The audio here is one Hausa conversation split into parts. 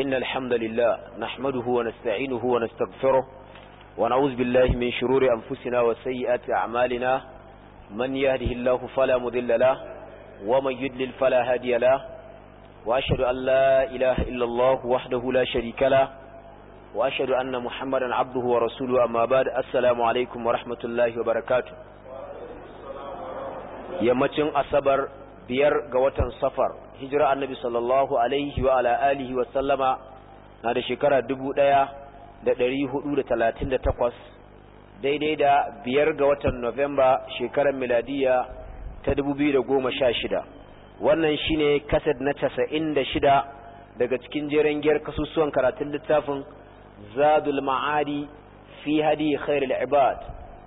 إن الحمد لله نحمده ونستعينه ونستغفره ونعوذ بالله من شرور أنفسنا وسيئات أعمالنا من يهده الله فلا مذل له ومن يدلل فلا هادي له وأشهد أن لا إله إلا الله وحده لا شريك له وأشهد أن محمدا عبده ورسوله أما بعد السلام عليكم ورحمة الله وبركاته يمتن أصبر بير قوة صفر hijira annabi sallallahu alaihi wa ala alihi wa sallama na da shekara 1438 daidai da biyar ga watan Novemba shekarar miladiya ta 2016 wannan shine kaset na 96 daga cikin jeren giyar kasusuwan karatun littafin Zadul Ma'adi fi hadi khairul ibad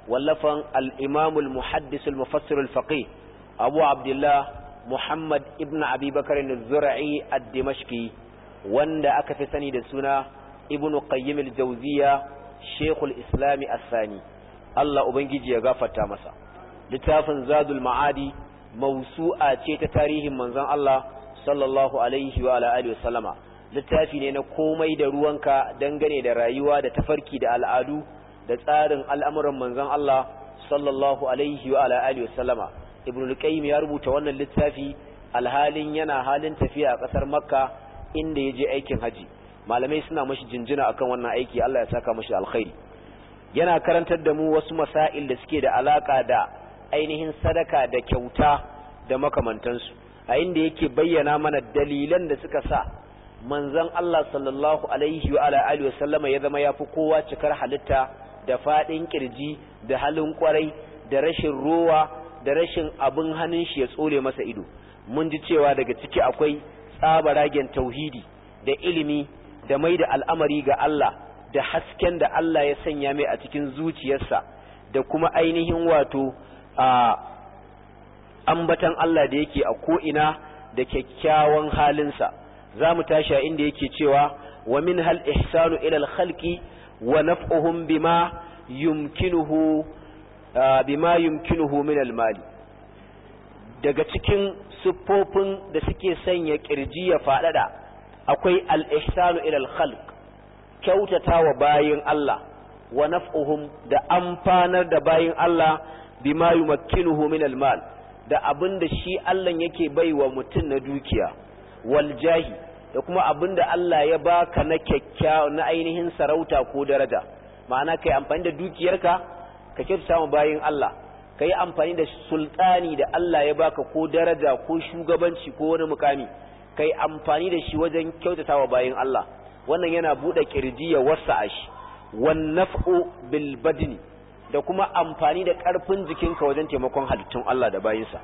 wallafan al-imamul muhaddis al-mufassir al-faqih Abu Abdullah Muhammad ibn Abi Bakar al-Zura'i ad-Dimashqi wanda aka fi sani da suna Ibn Qayyim al-Jawziya Sheikh al-Islam sani Allah ubangiji ya gafarta masa littafin Zadul Ma'adi mawsu'a ce ta tarihin manzon Allah sallallahu alaihi wa alihi littafi ne na komai da ruwanka dangane da rayuwa da tafarki da al'adu da tsarin al'amuran manzon Allah sallallahu alaihi wa alihi ibn al-qayyim ya rubuta wannan littafi alhalin yana halin tafiya a kasar makka inda ya je aikin haji malamai suna mashi jinjina akan wannan aiki Allah ya saka mashi alkhairi yana karantar da mu wasu masail da suke da alaka da ainihin sadaka da kyauta da makamantansu a inda yake bayyana mana dalilan da suka sa manzon Allah sallallahu alaihi wa alihi wa sallama ya zama yafi kowa cikar halitta da fadin kirji da halin kwarai da rashin ruwa. da rashin abin hannun shi ya tsole masa ido mun ji cewa daga ciki akwai ragen tauhidi da ilimi da mai da al'amari ga Allah da hasken da Allah ya sanya mai a cikin zuciyarsa da kuma ainihin wato a ambatan Allah da yake a ko'ina da kyakkyawan halinsa za mu tashi a inda yake cewa wa min hal ihsanu ilal khalqi wa naf'uhum bima yumkinuhu bima yumkinuhu min almali daga cikin siffofin da suke sanya kirji ya faɗaɗa akwai al-ihsanu ila khalq kyautata wa bayin Allah wa naf'uhum da amfanar da bayin Allah bima yumkinuhu min almal da abinda shi Allah yake baiwa mutum na dukiya wal jahi da kuma abinda Allah ya baka na kyakkyawa na ainihin sarauta ko daraja ma'ana kai amfani da dukiyarka ka kyautata mu bayin Allah ka yi amfani da sultani da Allah ya baka ko daraja ko shugabanci ko wani mukami ka yi amfani da shi wajen kyautata wa bayin Allah wannan yana buɗe kirji ya wasa shi wan naf'u bil da kuma amfani da ƙarfin jikinka wajen taimakon halittun Allah da bayinsa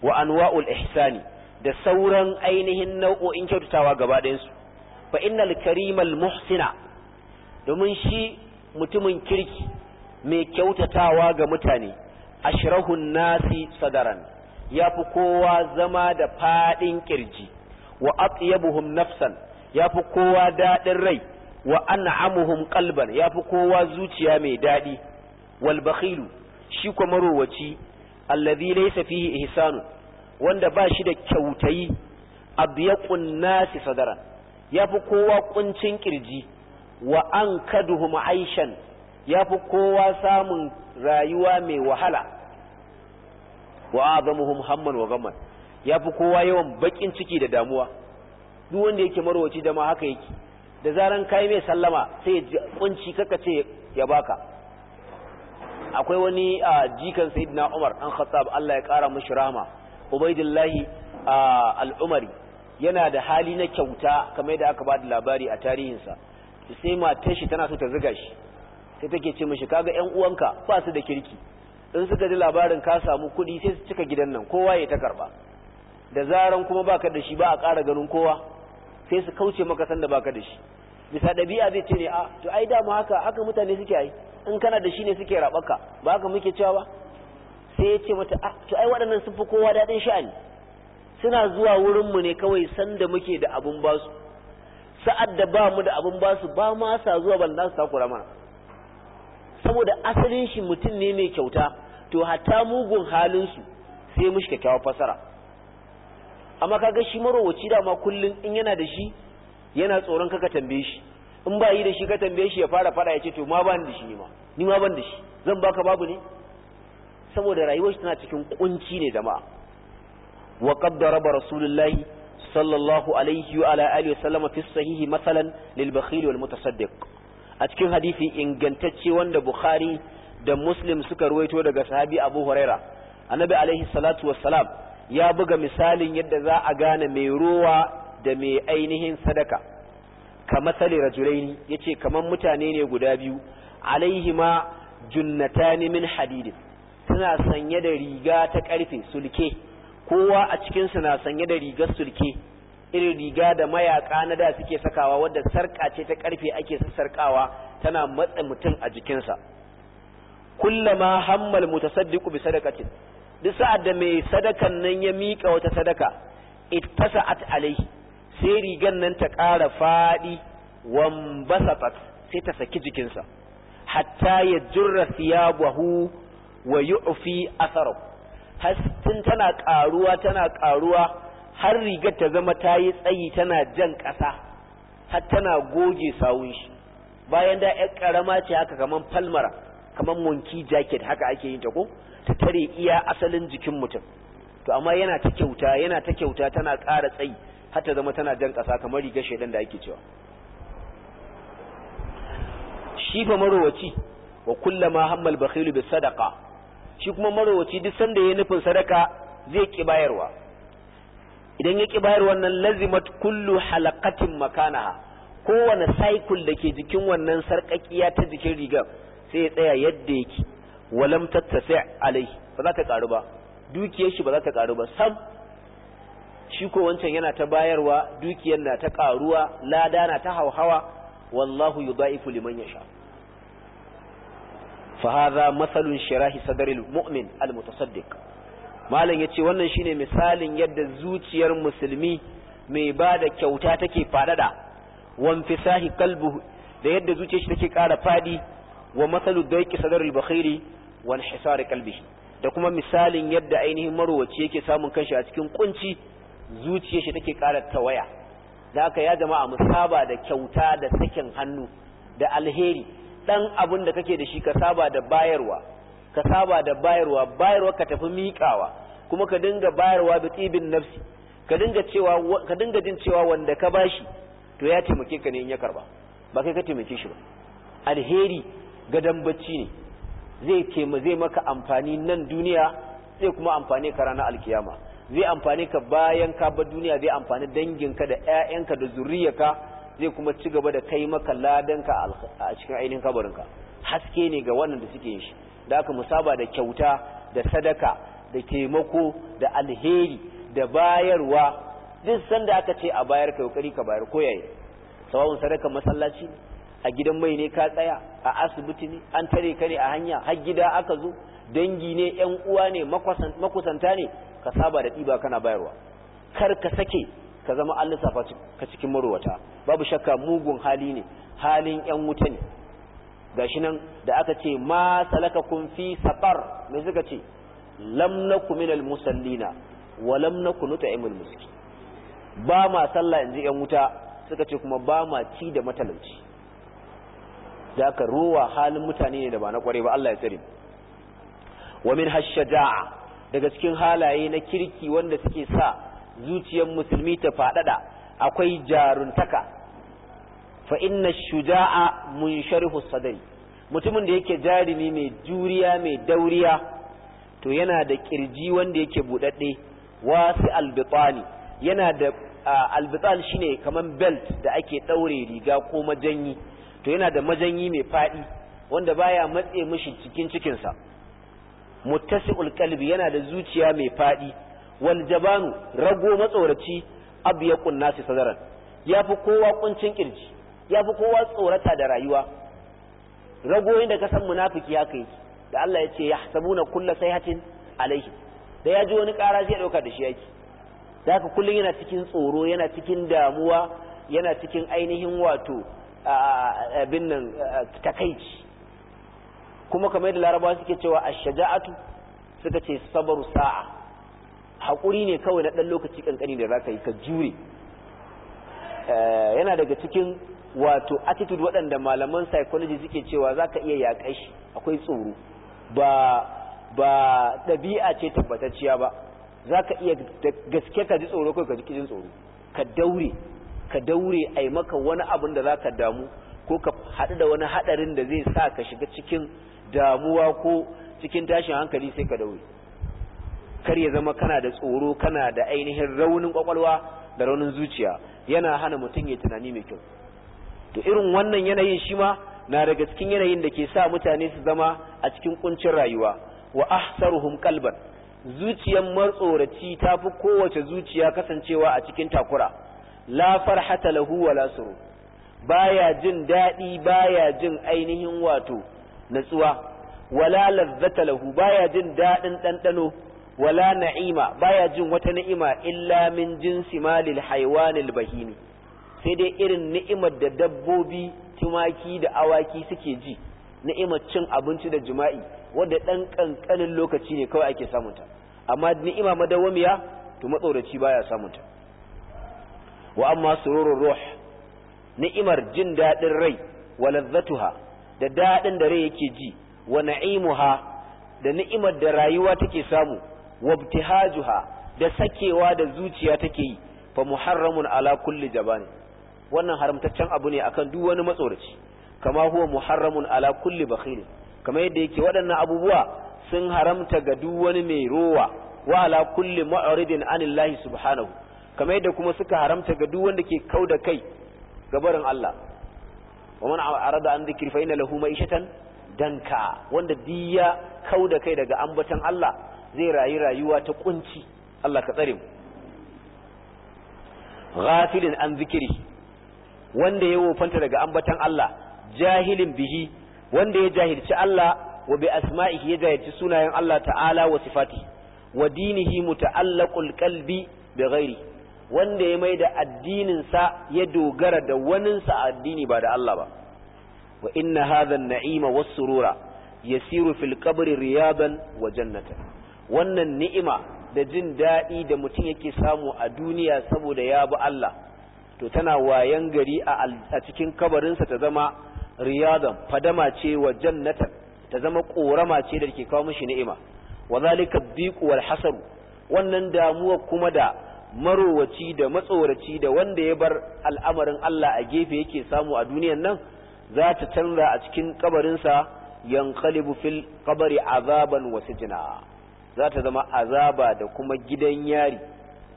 wa anwa'ul ihsani da sauran ainihin nau'o'in kyautatawa gaba su fa innal karimal muhsina domin shi mutumin kirki mai kyautatawa ga mutane ashrahun nasi sadaran yafi kowa zama da fadin kirji wa atyabuhum nafsan yafi kowa daɗin rai wa an'amuhum qalban yafi kowa zuciya mai daɗi. wal bakhilu shi kuma marowaci alladhi laysa fihi ihsanu wanda ba shi da kyautayi abyaqun nasi sadaran yafi kowa kuncin kirji wa ankaduhum aishan ya fi kowa samun rayuwa mai wahala wa azamuhum hamman wa gamar ya fi kowa yawan bakin ciki da damuwa duk wanda yake marwaci da ma haka yake da zaran kai mai sallama sai ya kunci kaka ce ya baka akwai wani a jikan sayyidina Umar an Khattab Allah ya kara mishi rahama Ubaidillahi a umari yana da hali na kyauta kamar yadda aka ba da labari a tarihinsa sai matar shi tana so ta ziga shi sai take ce mishi kaga ƴan uwanka ba su da kirki in suka ji labarin ka samu kuɗi sai su cika gidan nan kowa ya ta karba da zaran kuma baka da shi ba a ƙara ganin kowa sai su kauce maka sanda baka da shi bisa ɗabi'a zai ce ne a to ai da mu haka haka mutane suke yi in kana da shi ne suke rabaka ba haka muke cewa ba sai ya ce mata a to ai waɗannan sun fi kowa daɗin sha'ani suna zuwa wurin mu ne kawai sanda muke da abun basu sa'ad da ba mu da abun basu ba ma sa zuwa ban za su takura mana saboda asalin shi mutum ne mai kyauta to hatta mugun halinsu sai mushi kyakkyawar fasara amma kaga shi marowaci dama kullum in yana da shi yana tsoron kaka tambaye shi in ba yi da shi ka tambaye shi ya fara fada ya ce to ma ban da shi ma ni ma ban da shi zan baka babu ne saboda rayuwar shi tana cikin kunci ne jama'a wa qaddara ba rasulullahi sallallahu alaihi wa ala alihi wa sallama fi sahihi masalan lil bakhil wal mutasaddiq a cikin hadisi ingantacce wanda bukhari da muslim suka ruwaito daga sahabi abu huraira annabi alaihi salatu wassalam ya buga misalin yadda za a gane mai ruwa da mai ainihin sadaka ka matsali rajulaini ya ce kamar mutane ne guda biyu alaihima junnatani min hadidin suna sanye da riga ta karfe sulke kowa a cikinsu na sanye da rigar sulke irin riga da mayaka na da suke sakawa wadda sarka ce ta karfe ake sassarkawa tana matsa mutum a jikinsa kullama hammal mutasaddiqu bi sadaqatin duk sa'ad da mai sadakan nan ya miƙa wata sadaka ittasa'at alaihi sai rigan nan ta ƙara fadi wambasatat sai ta saki jikinsa hatta ya jurra thiyabahu wa yu'fi atharahu hastin tana ƙaruwa tana ƙaruwa har rigar ta zama ta yi tsayi tana jan ƙasa har tana goge sawun shi bayan da ƴar ƙarama ce haka kamar falmara kamar monkey jacket haka ake yin ta ko ta tare iya asalin jikin mutum to amma yana ta kyauta yana ta kyauta tana ƙara tsayi har ta zama tana jan ƙasa kamar rigar shaidan da ake cewa shi fa marowaci wa kullama hammal bakhilu bis sadaqa shi kuma marowaci duk sanda ya nufin sadaka zai ki bayarwa idan ya ki bayar wannan lazimat kullu halaqatin makanaha kowane cycle da ke jikin wannan sarƙaƙiya ta jikin rigar sai ya tsaya yadda yake walam tattafi alai ba za ta karu ba dukiyar shi ba za ta karu ba sam shi ko wancan yana ta bayarwa dukiyar na ta karuwa lada na ta hauhawa wallahu yudaifu liman yasha fa hadha mathalun shirahi sadril mu'min al mutasaddiq malam ya ce wannan shine misalin yadda zuciyar musulmi mai ba da kyauta take fadada wan fisahi kalbu da yadda zuciyar shi take kara fadi wa masalu dayqi sadrul bakhiri wan hisar kalbi da kuma misalin yadda ainihin marwaci yake samun kanshi a cikin kunci zuciyar shi take kara tawaya da haka ya jama'a saba da kyauta da sakin hannu da alheri dan abin da kake da shi ka saba da bayarwa ka saba da bayarwa bayarwa ka tafi miƙawa kuma ka dinga bayarwa bi tsibin nafsi ka dinga cewa jin cewa wanda ka bashi to ya taimake ka ne in ya karba ba kai ka taimake shi ba alheri ga bacci ne zai taimake zai maka amfani nan duniya zai kuma amfani ka ranar alkiyama zai amfani ka bayan ka bar duniya zai amfani danginka da ƴaƴanka da zuriyarka zai kuma ci gaba da kai maka ladanka a cikin ainihin kabarinka haske ne ga wannan da suke yin shi da aka musaba da kyauta da sadaka da taimako da alheri da bayarwa duk sanda aka ce a bayar ka kokari ka bayar ko yayi sawawun sadaka masallaci a gidan mai ne ka tsaya a asibiti ne an tare ka ne a hanya har gida aka zo dangi ne yan uwa ne makusanta ne ka saba da ɗiba kana bayarwa kar ka sake ka zama an lissafa ka cikin marowata babu shakka mugun hali ne halin yan wuta ne gashi nan da aka ce ma salaka kun fi safar me suka ce lam min minal musallina wa lam naku nut'imul ba ma sallah inji yan wuta suka ce kuma ba ma ci da matalauci da aka ruwa halin mutane ne da ba na kware ba Allah ya tsare wa min hashja'a daga cikin halaye na kirki wanda suke sa zuciyar musulmi ta fadada akwai jaruntaka fa inna shuja'a munsharihu sadri mutumin da yake jarumi mai juriya mai dauriya to yana da kirji wanda yake budadde wasi albitani yana da albital shine kaman belt da ake daure riga ko majanyi to yana da majanyi mai fadi wanda baya matse mishi cikin cikinsa muttasi'ul qalbi yana da zuciya mai fadi wal jabanu rago matsoraci abyaqun nasi sadaran yafi kowa kuncin kirji ya fi kowa tsorata da rayuwa ragoyin da ka san munafiki haka kai da Allah ya ce ya sabuna kulla hatin alaihi da ya ji wani ƙara zai ɗauka da shi yake da haka kullum yana cikin tsoro yana cikin damuwa yana cikin ainihin wato abin nan takaici kuma kamar da larabawa suke cewa a shaja'atu suka ce sabaru sa'a haƙuri ne kawai na ɗan lokaci ƙanƙani da za ka yi ka jure eh, yana daga cikin wato attitude waɗanda malaman psychology suke cewa za ka iya yaƙa shi akwai tsoro ba ba ɗabi'a ce tabbatacciya ba za ka iya gaske ka ji tsoro kai ka ji kijin tsoro ka daure ka daure a maka wani abin da za ka damu ko ka haɗu da wani haɗarin da zai sa ka shiga cikin damuwa ko cikin tashin hankali sai ka daure kar ya zama kana da tsoro kana da ainihin raunin kwakwalwa da raunin zuciya yana hana mutum ya tunani mai kyau to irin wannan yanayin shi ma na daga cikin yanayin da ke sa mutane su zama a cikin kuncin rayuwa wa ahsaruhum qalban zuciyar martsoraci ta fi kowace zuciya kasancewa a cikin takura la farhata lahu wala suru baya jin daɗi baya jin ainihin wato natsuwa wala lazzata lahu baya jin daɗin ɗanɗano wala na'ima baya jin wata ni'ima illa min jinsi malil haiwanil bahimi sai dai irin ni'imar da dabbobi tumaki da awaki suke ji ni'imar cin abinci da jima'i wanda ɗan ƙanƙanin lokaci ne kawai ake samunta amma ni'ima madawamiya to matsoraci baya samunta wa amma sururur ruh ni'imar jin daɗin rai wa ladzatuha da daɗin da rai yake ji wa na'imuha da ni'imar da rayuwa take samu ibtihajuha da sakewa da zuciya take yi fa muharramun ala kulli jabani wannan haramtaccen abu ne akan duk wani matsoraci kama huwa muharramun ala kulli bakhil kamar yadda yake waɗannan abubuwa sun haramta ga duk wani mai rowa wa ala kulli mu'ridin anillahi subhanahu kamar yadda kuma suka haramta ga duk wanda ke da kai gabarin Allah wa man arada an dhikri fa inna lahu ma'ishatan danka wanda diya da kai daga ambatan Allah zai rayu rayuwa ta kunci Allah ka tsare mu ghafilin an zikiri wanda ya wofanta daga ambatan Allah jahilin bihi wanda ya jahilci Allah wa bi asma'ihi ya jahilci sunayen Allah ta'ala wa sifati wa dinihi muta'allaqul qalbi bi ghairi wanda ya maida addinin sa ya dogara da wanin sa addini ba da Allah ba wa inna hadha an-na'ima was-surura yasiru fil qabri riyadan wa jannatan wannan ni'ima da jin daɗi da mutum yake samu a duniya saboda ya bi Allah to tana wayan gari a cikin kabarinsa ta zama riyadan fadama ce wa jannatan ta zama korama ce da ke kawo mishi ni'ima wa zalika wal hasaru wannan damuwa kuma da marowaci da matsoraci da wanda ya bar al'amarin Allah a gefe yake samu a duniyan nan za ta canza a cikin kabarinsa yanqalibu fil qabri azaban wa sijna za ta zama azaba da kuma gidan yari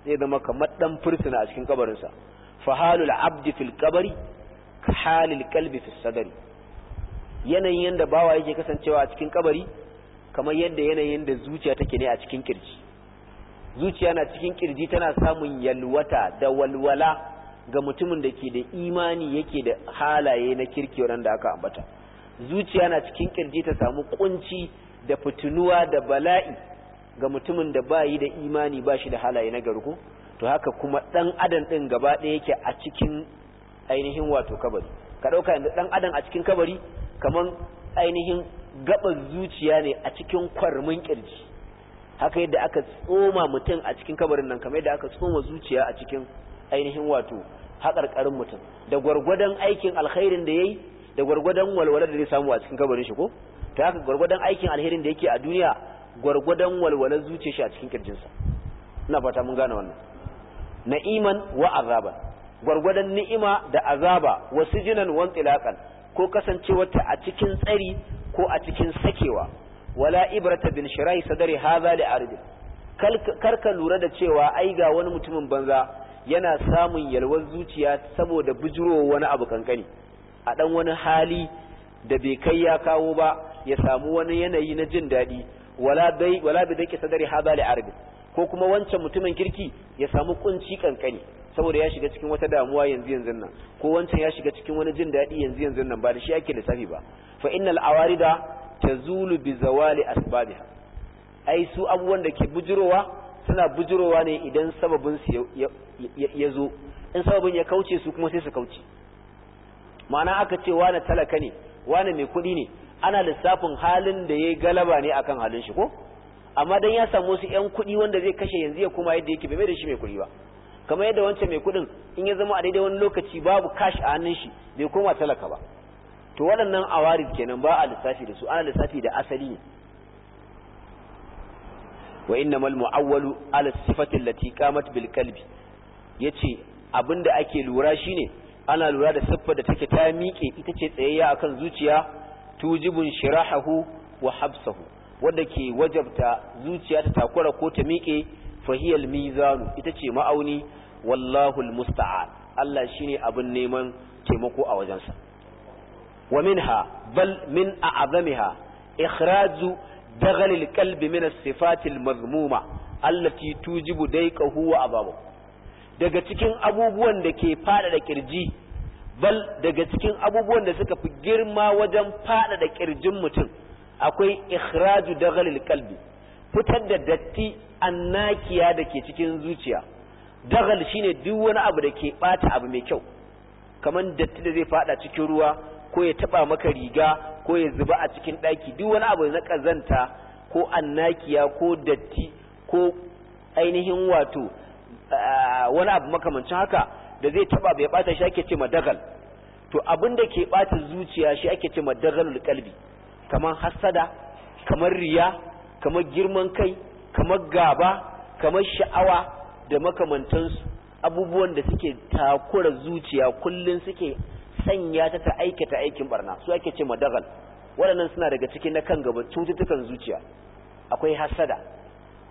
zai zama kamar dan fursuna a cikin kabarinsa fahalul abdi fil kabari halil kalbi fil sadari yanayin yadda bawa yake kasancewa a cikin kabari kamar yadda yanayin da zuciya take ne a cikin kirji zuciya na cikin kirji tana samun yalwata da walwala ga mutumin da ke da imani yake da halaye na kirki da aka ambata zuciya na cikin kirji ta samu kunci da fitinuwa da bala'i ga mutumin da bayi da imani ba shi da halaye na garko to haka kuma dan adam din gaba ɗaya yake a cikin ainihin wato kabari ka dauka yanzu dan adam a cikin kabari kaman ainihin gaban zuciya ne a cikin kwarmin kirji haka yadda aka tsoma mutum a cikin kabarin nan kamar yadda aka tsoma zuciya a cikin ainihin wato haƙarƙarin mutum da gwargwadon aikin alkhairin da yayi da gwargwadon walwalar da zai samu a cikin kabarin shi ko ta haka gwargwadon aikin alherin da yake a duniya gwargwadon walwalar zuciya shi a cikin kirjinsa ina fata mun gane wannan na'iman wa azaban gwargwadon ni'ima da azaba wasu jinan wa ko kasancewarta a cikin tsari ko a cikin sakewa wala ibrata bin shirai sadari hadha li arid karka lura da cewa ai ga wani mutumin banza yana samun yalwar zuciya saboda bujuro wani abu kankani a dan wani hali da bai kai ya kawo ba ya samu wani yanayi na jin daɗi wala bai wala bi dake sadari hadha li arid ko kuma wancan mutumin kirki ya samu kunci kankani saboda ya shiga cikin wata damuwa yanzu yanzu nan ko wancan ya shiga cikin wani jin daɗi yanzu yanzu nan ba da shi ake lissafi ba fa innal awarida tazulu bi zawali asbabiha ai su abubuwan da ke bujirowa suna bujirowa ne idan sababin su ya zo in sababin ya kauce su kuma sai su kauce ma'ana aka ce wani talaka ne wani mai kuɗi ne ana lissafin halin da ya galaba ne akan halin shi ko amma dan ya samu wasu yan kuɗi wanda zai kashe yanzu ya kuma yadda yake bai mai da shi mai kuɗi ba kamar yadda wancan mai kuɗin in ya zama a daidai wani lokaci babu cash a hannun shi bai koma talaka ba to waɗannan awarid kenan ba a lissafi da su ana lissafi da asali ne wa innamal mu'awwalu ala sifati allati qamat bil qalbi yace abinda ake lura shine ana lura da siffar da take ta miƙe ita ce tsayayya akan zuciya tujibun shirahahu wa habsahu wanda ke wajabta zuciya ta takura ko ta miƙe fahiyal mizanu ita ce ma'auni wallahu almusta'an Allah shine abin neman taimako a wajensa wa minha bal min a'zamiha ikhraju daghal alqalbi min as-sifat almadhmuma allati tujibu dai wa azabu daga cikin abubuwan da ke fada da kirji bal daga cikin abubuwan da suka fi girma wajen fada da kirjin mutum akwai ikhraju daghalil kalbi fitar da datti annakiya da ke cikin zuciya daghal shine duk wani abu da ke bata abu mai kyau kamar datti da zai fada cikin ruwa ko ya taba maka riga ko ya zuba a cikin daki duk wani abu na kazanta ko annakiya ko datti ko ainihin wato ah, wani abu makamancin haka da zai taba bai bata shi ake ce dagal to abin da ke bata zuciya shi ake ce ma dagalul kalbi kamar hassada kamar riya kamar girman kai kamar gaba kamar sha'awa da makamantansu abubuwan da suke takura zuciya kullum suke sanya ta ta aikata aikin barna su ake ce madagal waɗannan suna daga cikin na kan gaba cututtukan zuciya akwai hasada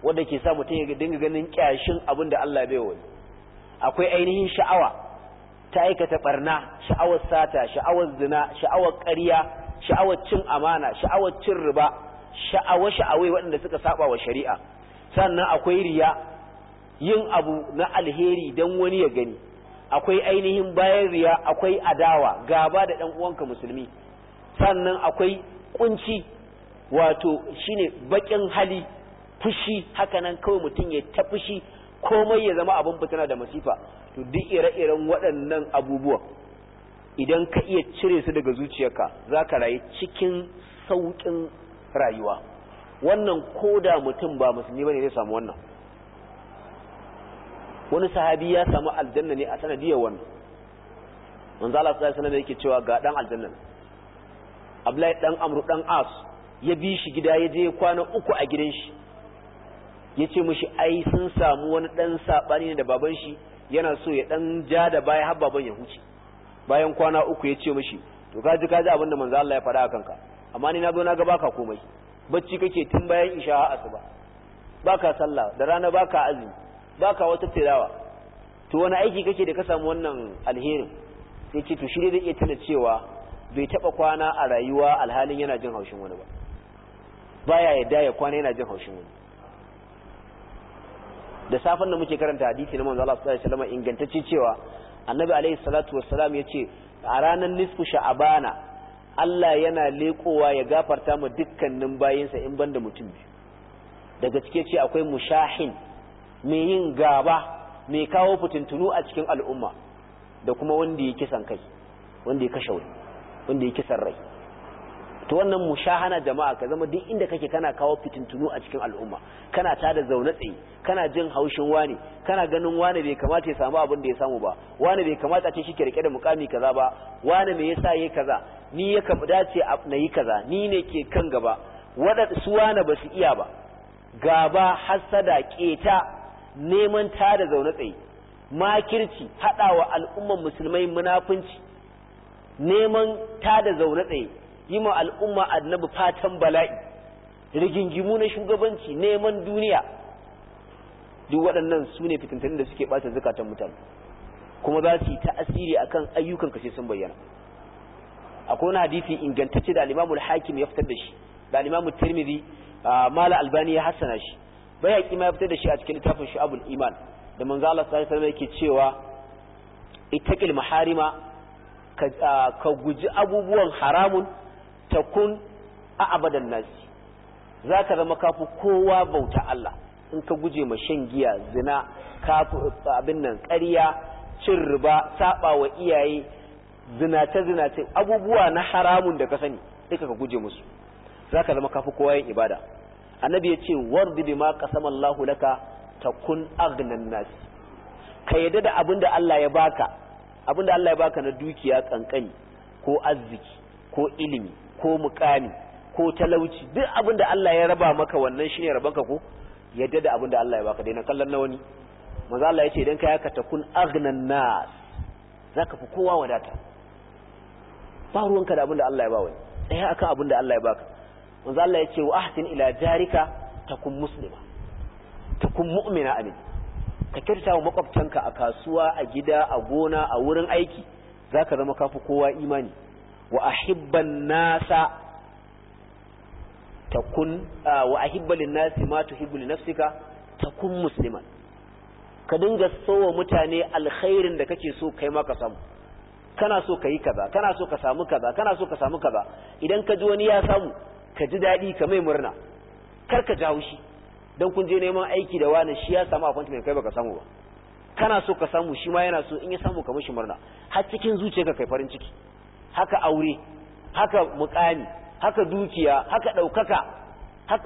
wanda ke sa mutum ya dinga ganin kyashin abin da Allah bai wani akwai ainihin sha'awa ta aikata barna sha'awar sata sha'awar zina sha'awar ƙarya sha'awar cin amana sha'awar cin riba sha'awa sha'awe waɗanda suka saba wa shari'a sannan akwai riya yin abu na alheri don wani ya gani akwai ainihin bayan riya akwai adawa gaba da ɗan uwanka musulmi sannan akwai kunci wato shine bakin hali fushi hakanan kawai mutum ya ta fushi komai ya zama abin fitina da masifa to duk ire-iren waɗannan abubuwa idan ka iya cire su daga zuciyarka za ka rayu cikin sauƙin rayuwa wannan ko da mutum ba musulmi ba ne zai samu wannan wani sahabi ya samu aljanna ne a sanadiyar wannan manzo Allah sallallahu da yake cewa ga ɗan aljanna Abdullahi ɗan Amru ɗan As ya bi shi gida ya je kwana uku a gidan shi Ya ce mashi ai sun samu wani ɗan saɓani ne da baban shi yana so ya ɗan ja da baya har baban ya huce bayan kwana uku ya ce mashi to kaji kaji abinda manzo Allah ya faɗa akan ka amma ni na zo na ga baka komai bacci kake tun bayan isha a asuba baka sallah da rana baka azumi baka wata tirawa to wani aiki kake da ka samu wannan alherin sai ce to shirye da iya tana cewa bai taba kwana a rayuwa alhalin yana jin haushin wani ba baya yadda ya kwana yana jin haushin wani da safan da muke karanta hadisi na manzo Allah sallallahu alaihi wasallam ingantacce cewa annabi alaihi salatu wassalam ya ce a ranar nisfu sha'abana Allah yana leƙowa ya gafarta ma dukkanin bayinsa in banda mutum biyu daga cike ce akwai mushahin mai yin gaba mai kawo fitintunu a cikin al'umma da kuma wanda ya kisan kai wanda ya kashe wani wanda ya kisan rai to wannan mushahana jama'a ka zama duk inda kake kana kawo fitintunu a cikin al'umma kana tada zaune tsaye kana jin haushin wani kana ganin wani bai kamata ya samu abin da ya samu ba wani bai kamata ce shi rike da mukami kaza ba wani me yasa yayi kaza ni ya kafa dace na yi kaza ni ne ke kan gaba wada su wani ba su iya ba gaba hasada keta neman tada zaune tsaye makirci haɗawa al'umman musulmai munafunci neman tada zaune tsaye yi ma al'umma annabi fatan bala'i rigingimu na shugabanci neman duniya duk waɗannan su ne fitintunin da suke ɓata zukatan mutane kuma za su yi ta'asiri akan ayyukan kashe sun bayyana akwai wani hadisi ingantacce da al hakim ya fitar da shi da al tirmidhi Mala Albani ya hassana shi bayaki ma ya fitar da shi a cikin littafin Shu'abul Iman da manzo Allah sallallahu alaihi yake cewa ittaqil maharima ka guji abubuwan haramun takun a abadan nasi za ka zama kafu kowa bauta Allah in ka guje ma shan giya zina kafu abin nan ƙarya cin riba saba wa iyaye zinace zinace abubuwa na haramun da ka sani duka ka guje musu za ka zama kafu kowa yin ibada annabi ya ce wardi bima qasama Allahu laka takun aghnan nas ka yadda da abinda Allah ya baka abinda Allah ya baka na dukiya kankani ko arziki ko ilimi ko mukami ko talauci duk abin da Allah ya raba maka wannan shine ka ko yadda da abin da Allah ya baka dai na kallon na wani manzo Allah yace idan ka yaka takun aghnan nas zaka fi kowa wadata ba ruwanka da abin da Allah ya ba wani tsaya akan abin da Allah ya baka manzo Allah yace wa ahsin ila jarika takun muslima takun mu'mina amin ka kirta wa makwabtanka a kasuwa a gida a gona a wurin aiki zaka zama kafi kowa imani wa ahibban nasa takun wa ahibban nasi ma ka dinga sowa mutane alkhairin da kake so kai ma ka samu kana so ka yi kaza kana so ka samu kaza kana so ka samu kaza idan ka ji wani ya samu ka ji daɗi ka mai murna kar ka jawo shi don kun je neman aiki da wani shi ya samu appointment kai baka samu ba kana so ka samu shi ma yana so in ya samu ka mishi murna har cikin zuciyarka kai farin ciki haka aure haka mukami haka dukiya haka ɗaukaka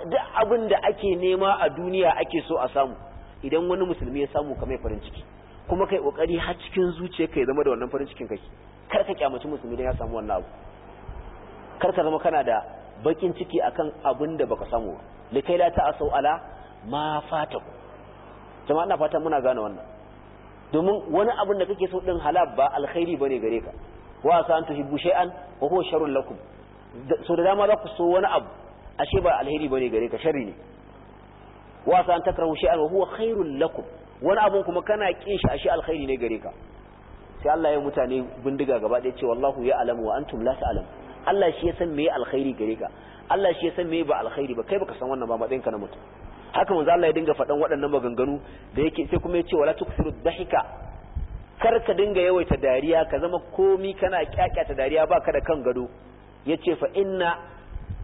duk abin da ake nema a duniya ake so a samu idan wani musulmi ya samu kamar farin ciki kuma kai kokari har cikin zuciyarka ya zama da wannan farin cikin kai kar ka kyamaci musulmi dan ya samu wannan abu kar ka zama kana da bakin ciki akan abin da baka samu ba kai la asau ala ma ku jama'a ina fata muna gane wannan domin wani abin da kake so din halal ba alkhairi bane gare ka wa asa an tuhibbu shay'an wa huwa sharrun lakum so da dama za ku so wani abu ashe ba alheri bane gare ka sharri ne wa asa an takrahu shay'an wa huwa khairul lakum wani abu kuma kana kin shi ashe alkhairi ne gare ka sai Allah ya mutane bindiga gaba ɗaya ce wallahu ya alamu wa antum la ta'lamu Allah shi ya san me alkhairi gare ka Allah shi ya san me ba alkhairi ba kai baka san wannan ba matsayinka na mutum haka manzo Allah ya dinga faɗan waɗannan maganganu da yake sai kuma ya ce wala tuksiru dhahika kar ka dinga yawaita dariya ka zama komi kana kyakyata dariya baka da kan gado yace fa inna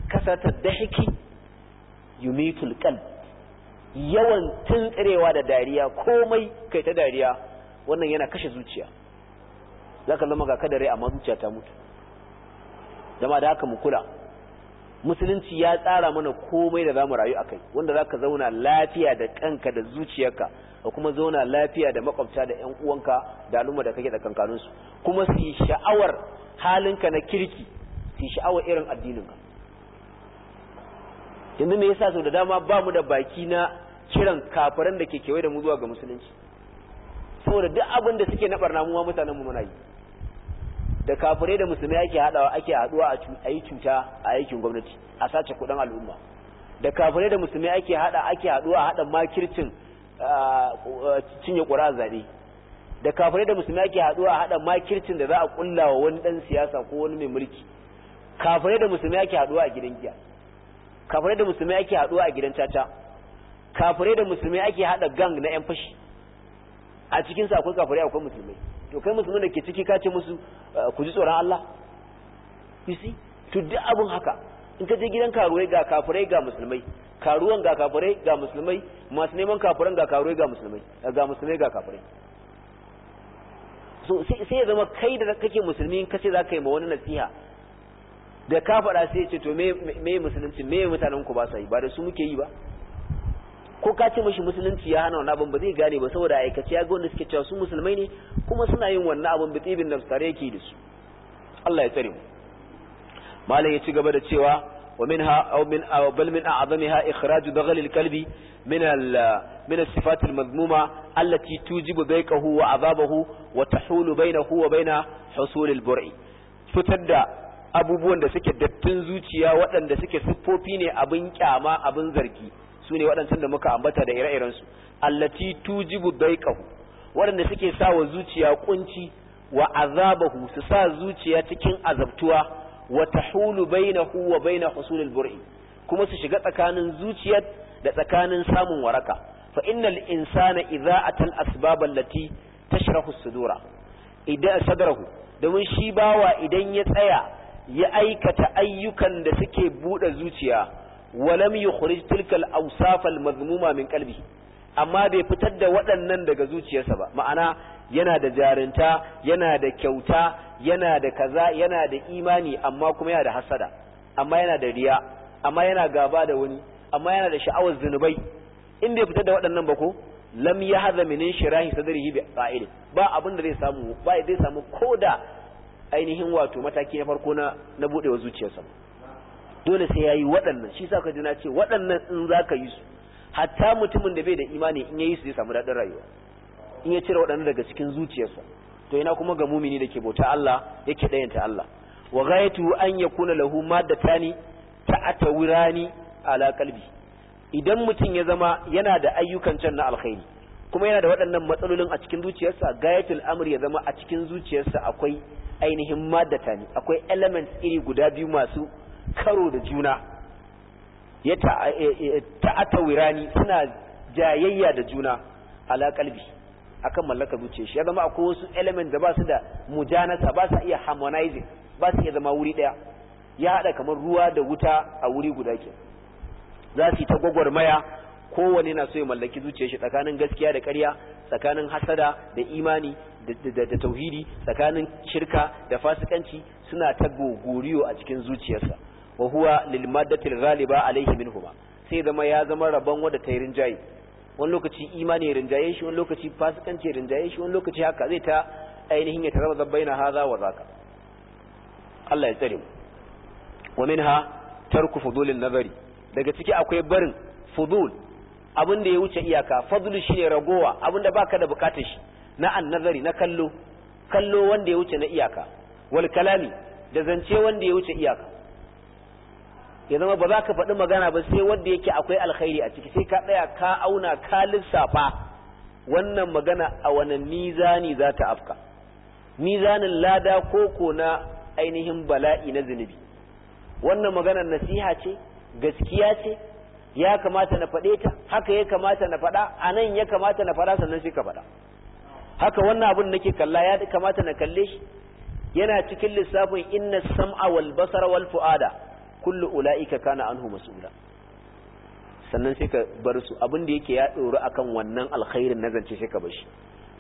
kasata dahiki yumitul qalb yawan tuntsirewa da dariya komai kai ta dariya wannan yana kashe zuciya zaka zama ga kadare amma zuciya ta mutu dama da haka mu kula musulunci ya tsara mana komai da zamu rayu akai wanda zaka zauna lafiya da kanka da zuciyarka da kuma zauna lafiya da makwabta da ƴan uwanka da al'umma da kake da kankanin su kuma su yi sha'awar halinka na kirki su yi sha'awar irin addininka yanzu me yasa sau da dama ba mu da baki na kiran kafiran da ke kewaye da mu zuwa ga musulunci saboda duk abin da suke na barna mu ma mutanen mu muna yi da kafirai da musulmai ake haɗawa ake haɗuwa a yi cuta a aikin gwamnati a sace kudin al'umma da kafirai da musulmai ake haɗa ake haɗuwa a haɗa makircin cinye ƙura zaɓe da kafirai da musulmi ake haɗuwa a haɗa makircin da za a ƙulla wa wani ɗan siyasa ko wani mai mulki kafirai da musulmi ake haɗuwa a gidan giya kafirai da musulmi ake haɗuwa a gidan caca kafirai da musulmi ake haɗa gang na 'yan fashi a cikin sa akwai kafirai akwai musulmi. to kai musulmi da ke ciki ka ce musu eh, ku ji tsoron Allah you see to duk abun haka in ka je gidan karuwai ga kafirai ga musulmai karuwan ga kafirai ga musulmai masu neman kafiran ga karuwai ga musulmai eh, ga musulmai ga kafirai so sai ya zama kai da kake musulmi in kace za ka yi ma wani nasiha da ka faɗa sai ce to me musulunci me mutanen ku ba sa yi ba da su muke yi ba ko ka ce mashi musulunci ya hana wannan abin ba zai gane ba saboda aikace ya ga wanda suke cewa su musulmai ne kuma suna yin wannan abin bi tsibin nafsare yake da su Allah ya tsare mu malai ya ci gaba da cewa ومنها أو من أو بل من أعظمها إخراج بغل الكلب من من الصفات المذمومة التي توجب بيكه وعذابه وتحول بينه وبين حصول البرع فتدى abubuwan da suke dattin zuciya waɗanda suke siffofi ne abin kyama abin zargi su ne waɗancan da muka ambata da ire-irensu allati tujibu baiqahu waɗanda suke sa wa zuciya kunci wa azabahu su sa zuciya cikin azabtuwa wa tahulu bainahu wa bain husulil bur'i kuma su shiga tsakanin zuciyar da tsakanin samun waraka fa innal insana idza atal asbab allati tashrahu sudura idan sadrahu domin shi bawa idan ya tsaya ya aikata ayyukan da suke bude zuciya walam yukhrij tilkal awsaf al madhmuma min qalbi amma bai fitar da waɗannan daga zuciyarsa ba ma'ana yana da jarinta yana da kyauta yana da kaza yana da imani amma kuma yana da hasada amma yana da riya amma yana gaba da wani amma yana da sha'awar zunubai in bai fitar da waɗannan ba ko lam haza minin shirahi sadrihi bi qa'il ba abin da zai samu ba zai samu koda ainihin wato mataki na farko na na budewa zuciyarsa dole sai yayi waɗannan shi sa ka ji na ce waɗannan in zaka yi su hatta mutumin da bai da imani in yayi su zai samu daɗin rayuwa in ya cire waɗannan daga cikin zuciyarsa to ina kuma ga mumini da ke bauta Allah yake dayanta Allah wa ghayatu an yakuna lahu maddatani atawirani ala qalbi idan mutum ya zama yana da ayyukan can na alkhairi kuma yana da waɗannan matsalolin a cikin zuciyarsa gayatul amri ya zama a cikin zuciyarsa akwai ainihin maddatani akwai elements iri guda biyu masu karo da juna ya ta'atawirani suna jayayya da juna ala kalbi akan mallaka zuciyar shi ya zama akwai wasu element da ba su da mujanasa ba su iya harmonizing ba su iya zama wuri daya ya hada kamar ruwa da wuta a wuri guda ke za su yi ta gwagwarmaya kowane na so mallaki zuciyar shi tsakanin gaskiya da ƙarya tsakanin hasada da imani da tauhidi tsakanin shirka da fasikanci suna ta goriyo a cikin zuciyarsa wa huwa lil maddatil ghaliba alayhi minhuma sai zama ya zama rabon wanda tayrin jayi wani lokaci imani ya rinjaye shi wani lokaci fasikanci ya rinjaye shi wani lokaci haka zai ta ainihin ya zabbai na haza wa zaka Allah ya tsare mu wa ha tarku fudulin nazari daga ciki akwai barin fudul abin da ya wuce iyaka fadlu shine ragowa abin da baka da bukatar shi na nazari na kallo kallo wanda ya wuce na iyaka wal kalami da zance wanda ya wuce iyaka ya zama ba za ka faɗi magana ba sai wanda yake akwai alkhairi a ciki sai ka tsaya ka auna ka lissafa wannan magana a wani mizani za ta afka mizanin lada ko ko na ainihin bala'i na zunubi wannan magana nasiha ce gaskiya ce ya kamata na faɗe ta haka ya kamata na faɗa a nan ya kamata na faɗa sannan sai ka faɗa haka wannan abin nake kalla ya kamata na kalle shi yana cikin lissafin inna sam'a wal basara wal fu'ada kullu ula'ika kana anhu mas'ula sannan sai ka bar su abin da yake ya doru akan wannan alkhairin na zance sai ka bar shi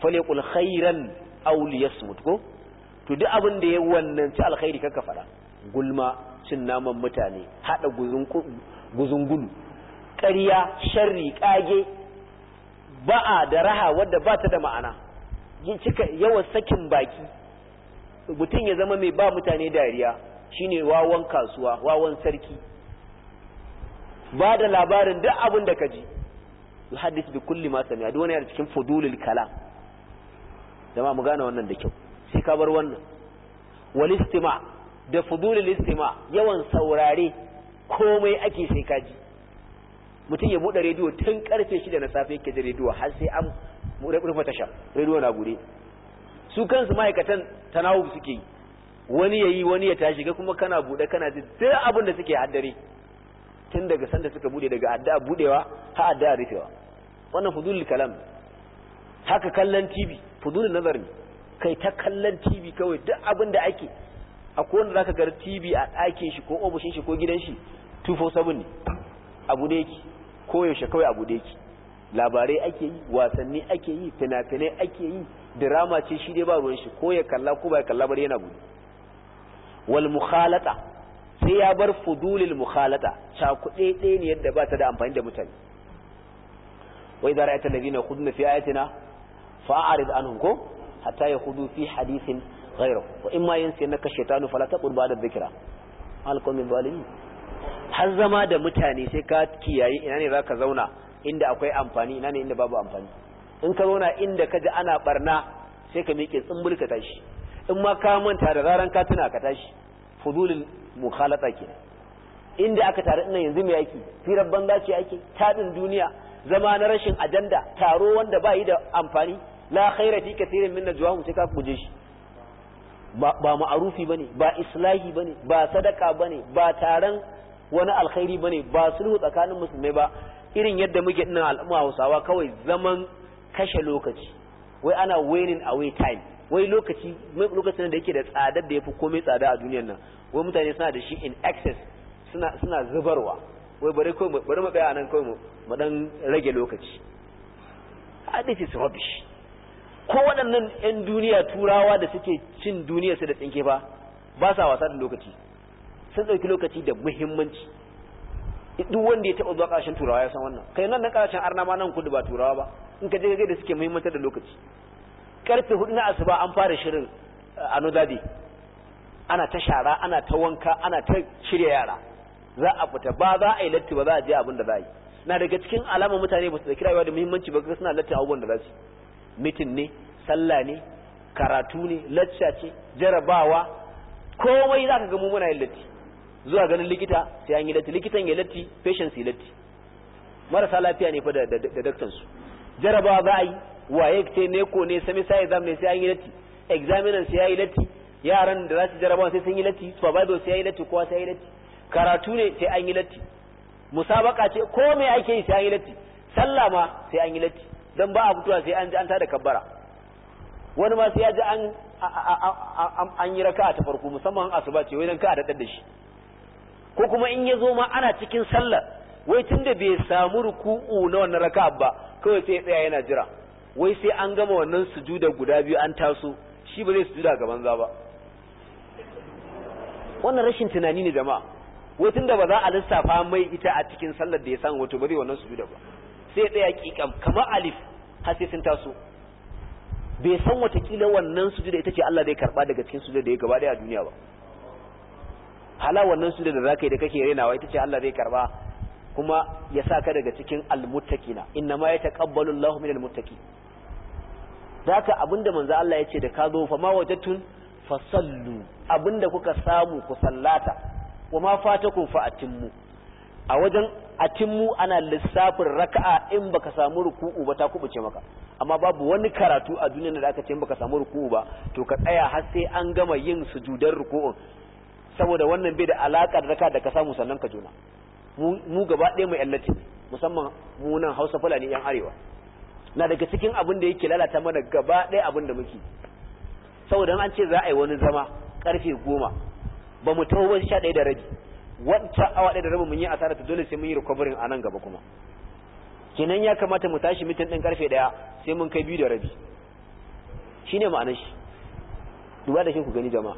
falyaqul khairan aw liyasmut ko to duk abin da ya wannan ci alkhairi kanka fara gulma cin naman mutane hada guzungulu ƙarya sharri kage ba'a da raha wadda ba ta da ma'ana cika yawan sakin baki mutum ya zama mai ba mutane dariya shine wawan kasuwa wawan sarki ba da labarin duk abin da ka ji yuhaddis da kulli ma sami'a a wani yana cikin kala kalam ma mu gane wannan da kyau sai ka bar wannan wal istima da fudulil istima yawan saurare komai ake sai ka ji mutum ya buɗe rediyo tun karfe shida na safe yake da rediyo har sai an rufe tasha rediyo na gure su kansu ma'aikatan tanawub suke yi wani ya yi wani ya tashi ga kuma kana bude kana ji duk abin da suke haddare tun daga sanda suka bude daga addu'a budewa ha addu'a rufewa wannan fudulul kalam haka kallon TV fudulul nazar ne kai ta kallon TV kawai duk abin da ake akwai wanda zaka ga TV a ɗakin shi ko ofishin shi ko gidan shi 247 ne abu da yake ko yaushe kawai abu da yake labarai ake yi wasanni ake yi fina-finai ake yi drama ce shi dai ba ruwan shi ko ya kalla ko ba ya kalla bari yana gudu wal mukhalata sai ya bar fudulil mukhalata cakuɗe ɗaya ne yadda ba ta da amfani da mutane wai za ra'ayta allazina khudna fi ayatina fa'arid anhum ko hatta yakhudu fi hadithin ghayru wa imma yansiyannaka shaytanu fala taqul ba'da dhikra alqawmin zalimin har zama da mutane sai ka kiyaye ina ne zaka zauna inda akwai amfani ina ne inda babu amfani in ka zauna inda ka ji ana barna sai ka miƙe tsumbulka tashi in ma ka manta da zaran ka tuna ka tashi fudulul mukhalata ke inda aka tare ina yanzu me yake firar banza ce yake tadin duniya zama na rashin ajanda taro wanda ba yi da amfani la khaira fi kathirin min najwahum sai ka guje shi ba ma'arufi bane ba islahi bane ba sadaka bane ba taron wani alkhairi bane ba sulhu tsakanin musulmai ba irin yadda muke ina al'umma Hausawa kawai zaman kashe lokaci wai ana waiting away time wai lokaci lokacin da yake da tsadar da yafi komai tsada a duniyar nan wai mutane suna da shi in excess suna suna zubarwa wai bari ko bari mu tsaya nan kawai mu dan rage lokaci hadisi ah, su rubbish ko waɗannan ƴan duniya turawa da suke cin duniya su da tsinke ba ba sa wasa da lokaci sun ɗauki lokaci da muhimmanci duk wanda ya taɓa zuwa ƙarshen turawa ya san wannan kai nan na ƙarshen arna ma nan kudu ba turawa ba in ka je da suke muhimmantar da lokaci karfe hudu na asuba an fara shirin eh, a day ana ta shara ana ta wanka ana ta shirya yara za a fita ba za a yi latti ba za a je abin da za a yi na daga cikin alama mutane ba su da rayuwa da muhimmanci ba na latti abubuwan da za su mitin ne sallah ne karatu ne lacca ce jarabawa komai za ka ga mu muna yin latti zuwa ganin likita sai an yi latti likitan ya latti patient ya latti marasa lafiya ne fa da daktansu jarabawa za a yi waye ce ne ko ne sami sai exam ne sai an yi latti examiner sai yayi latti yaran da za su jarabawa sai sun yi latti supervisor sai yayi latti kowa sai yayi latti karatu ne sai an yi latti musabaka ce ko me ake yi sai an yi latti sallah ma sai an yi latti dan ba a fituwa sai an ji an tada kabbara wani ma sai ya ji an an yi raka'a ta farko musamman asuba ce wai dan ka da shi ko kuma in ya zo ma ana cikin sallah wai tunda bai samu ruku'u na wannan raka'a ba kawai sai ya tsaya yana jira wai sai an gama wannan sujuda guda biyu an taso shi ba zai sujuda ga banza ba wannan rashin tunani ne jama'a wai tunda ba za a lissafa mai ita a cikin sallar da ya san wato ba zai wannan sujuda ba sai ya tsaya kikam kamar alif har sai sun taso bai san watakila wannan sujuda ita ce Allah zai karba daga cikin sujuda da ya gaba daya a duniya ba hala wannan sujuda da zaka yi da kake renawa ita ce Allah zai karba kuma ya sa ka daga cikin almuttaqina inna ma yataqabbalu Allahu minal muttaqin da haka abinda manzo Allah ya ce da ka zo fa ma wajatun fasallu abinda kuka samu ku sallata wa ma fatakum fa atimmu a wajen atimmu ana lissafin raka'a in baka samu ruku'u ba ta kubuce maka amma babu wani karatu a duniyar da aka ce in baka samu ruku'u ba to ka tsaya har sai an gama yin sujudan ruku'un saboda wannan bai da alakar raka da ka samu sannan ka juna mu gaba ɗaya mai allaci musamman mu nan hausa fulani yan arewa na daga cikin abin da yake lalata mana gaba ɗaya abin da muke saboda an ce za a yi wani zama karfe goma ba mu taho wani sha ɗaya da rabi wata awa ɗaya da rabi mun yi asara ta dole sai mun yi recovery a nan gaba kuma kenan ya kamata mu tashi mitin ɗin karfe ɗaya sai mun kai biyu da rabi shine ma'anar shi duba da shi ku gani jama'a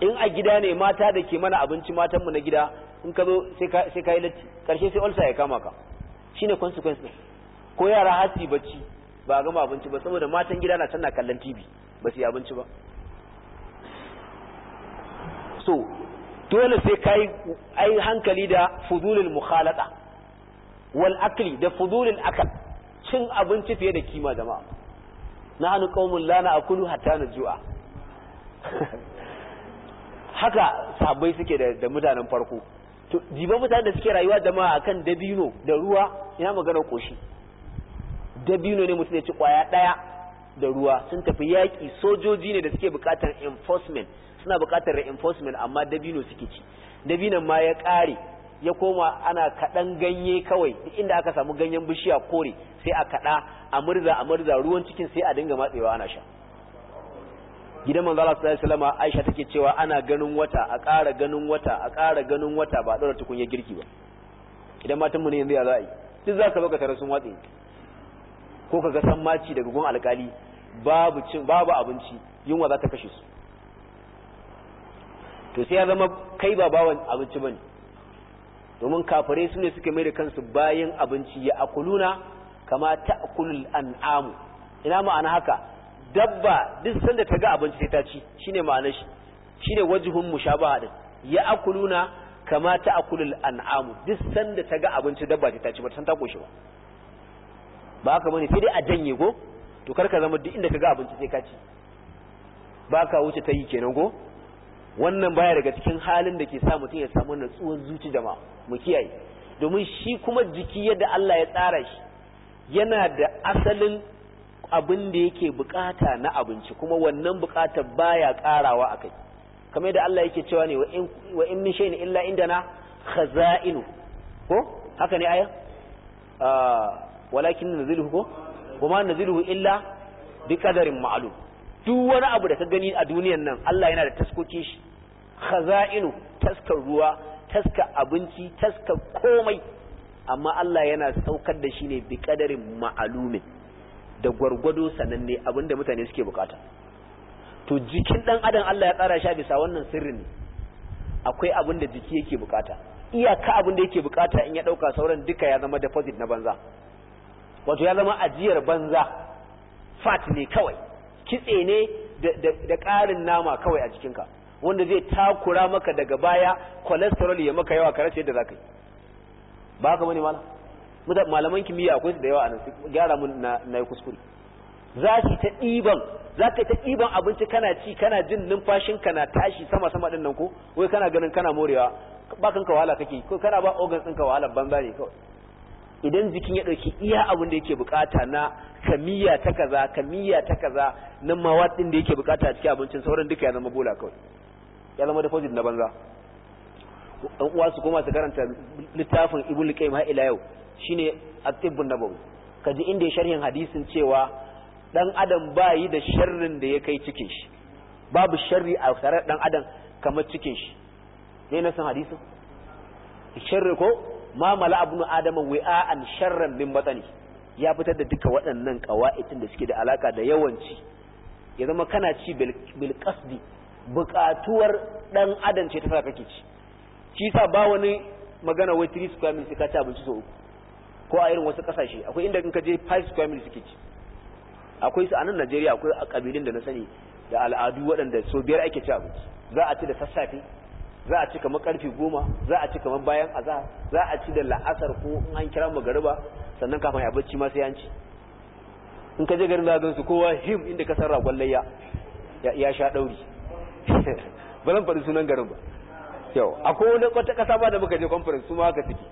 in a gida ne mata da ke mana abinci matanmu na gida in ka zo sai ka yi latti karshe sai ulcer ya kama ka shine consequence ɗin ko yara hasi bacci ba a gama abinci ba saboda matan gida na can na kallon tv ba su yi abinci ba so dole sai ka ai hankali da fudulul mukhalata wal akli da fudulul akal cin abinci fiye da kima jama'a na hannu qaumun la na akulu hatta ju'a haka sabai suke da mutanen farko to jiba mutanen da suke rayuwa jama'a akan dabino da ruwa ina magana koshi dabino ne mutum ya ci kwaya ɗaya da ruwa sun tafi yaƙi sojoji ne da suke buƙatar enforcement suna buƙatar reinforcement amma dabino suke ci dabinon ma ya ƙare ya koma ana kaɗan ganye kawai inda aka samu ganyen bishiya kore sai a kaɗa a murza a murza ruwan cikin sai a dinga matsewa ana sha gidan manzo Allah sallallahu alaihi wasallam Aisha take cewa ana ganin wata a ƙara ganin wata a ƙara ganin wata ba dora ya girki ba idan matan mu ne yanzu ya za a yi duk zaka zo ka watsi ko ka san maci daga gun alkali babu cin babu abinci yunwa za ta kashe su to sai ya zama kai ba bawan abinci bane domin kafirai su ne suke mai da kansu bayan abinci ya akuluna kama ta'kulul an'amu ina ma'ana haka dabba duk sanda ta ga abinci sai ta ci shine ma'anar shi shine wajhun mushabaha din ya akuluna kama ta'kulul an'amu duk sanda ta ga abinci dabba sai ta ci ba san ta koshe ba ba haka bane sai dai a janye go to karka zama duk inda kaga abinci sai ka ci ba ka wuce ta yi kenan go wannan baya daga cikin halin da ke sa mutum ya samu natsuwar zuci jama'a mu kiyaye domin shi kuma jiki yadda Allah ya tsara shi yana da asalin abin da yake bukata na abinci kuma wannan bukatar baya karawa akai kamar yadda Allah yake cewa ne wa in min shay'in illa indana khaza'inu ko haka ne aya ah, walakin naziluhu ko kuma naziluhu illa bi kadarin ma'lum duk wani abu da ka gani a duniyan nan Allah yana da taskoki shi khaza'inu taskar ruwa taskar abinci taskar komai amma Allah yana saukar da shi ne bi kadarin ma'lumin da gwargwado sananne abinda mutane suke bukata to jikin dan adam Allah ya tsara shi bisa wannan sirrin akwai abin da jiki yake bukata iyaka abin da yake bukata in ya dauka sauran duka ya zama deposit na banza wato ya zama ajiyar banza fat ne kawai kitse ne da ƙarin nama kawai a jikinka wanda zai takura maka daga baya cholesterol ya maka yawa karace da ka yi ba ka bane malam malaman kimiyya akwai su da yawa a nan gyara mun na yi kuskure za ta ɗiban za ka ta ɗiban abinci kana ci kana jin numfashinka na tashi sama sama ɗin nan ko wai kana ganin kana morewa ba kanka wahala kake ko kana ba organs ɗinka wahala banza ne kawai idan jikin ya ɗauki iya abin da yake bukata na kamiya ta kaza kamiya ta kaza na mawad din da yake bukata a cikin abincin sauran duka ya zama bola kawai ya zama deposit na banza dan uwa su koma su karanta littafin ibulka qayyim har ila yau shine at-tibbun nabawi kaji inda ya sharhin hadisin cewa dan adam ba yi da sharrin da ya kai cikin shi babu sharri a tare dan adam kamar cikin shi ne na san hadisin sharri ko ma mala abnu adama an sharran min batani ya fitar da duka waɗannan ƙawa'idin da suke da alaka da yawanci ya zama kana ci bil qasdi buƙatuwar dan adam ce ta sa kake ci shi sa ba wani magana wai 3 square meal ka ci abinci uku ko a irin wasu kasashe akwai inda in ka je 5 square meal ci akwai su a nan Najeriya akwai a kabilun da na sani da al'adu waɗanda so biyar ake ci abinci za a ci da sassafe za a ci kamar karfi goma za a ci kamar bayan aza za a ci da la'asar ko in an kira magariba sannan kafin ya bacci ma sai an ci in ka je garin zagon su kowa him inda ka sarra gwallayya ya sha dauri ba zan faɗi sunan garin ba yau akwai wani kwata kasa ba da muka je conference su ma haka suke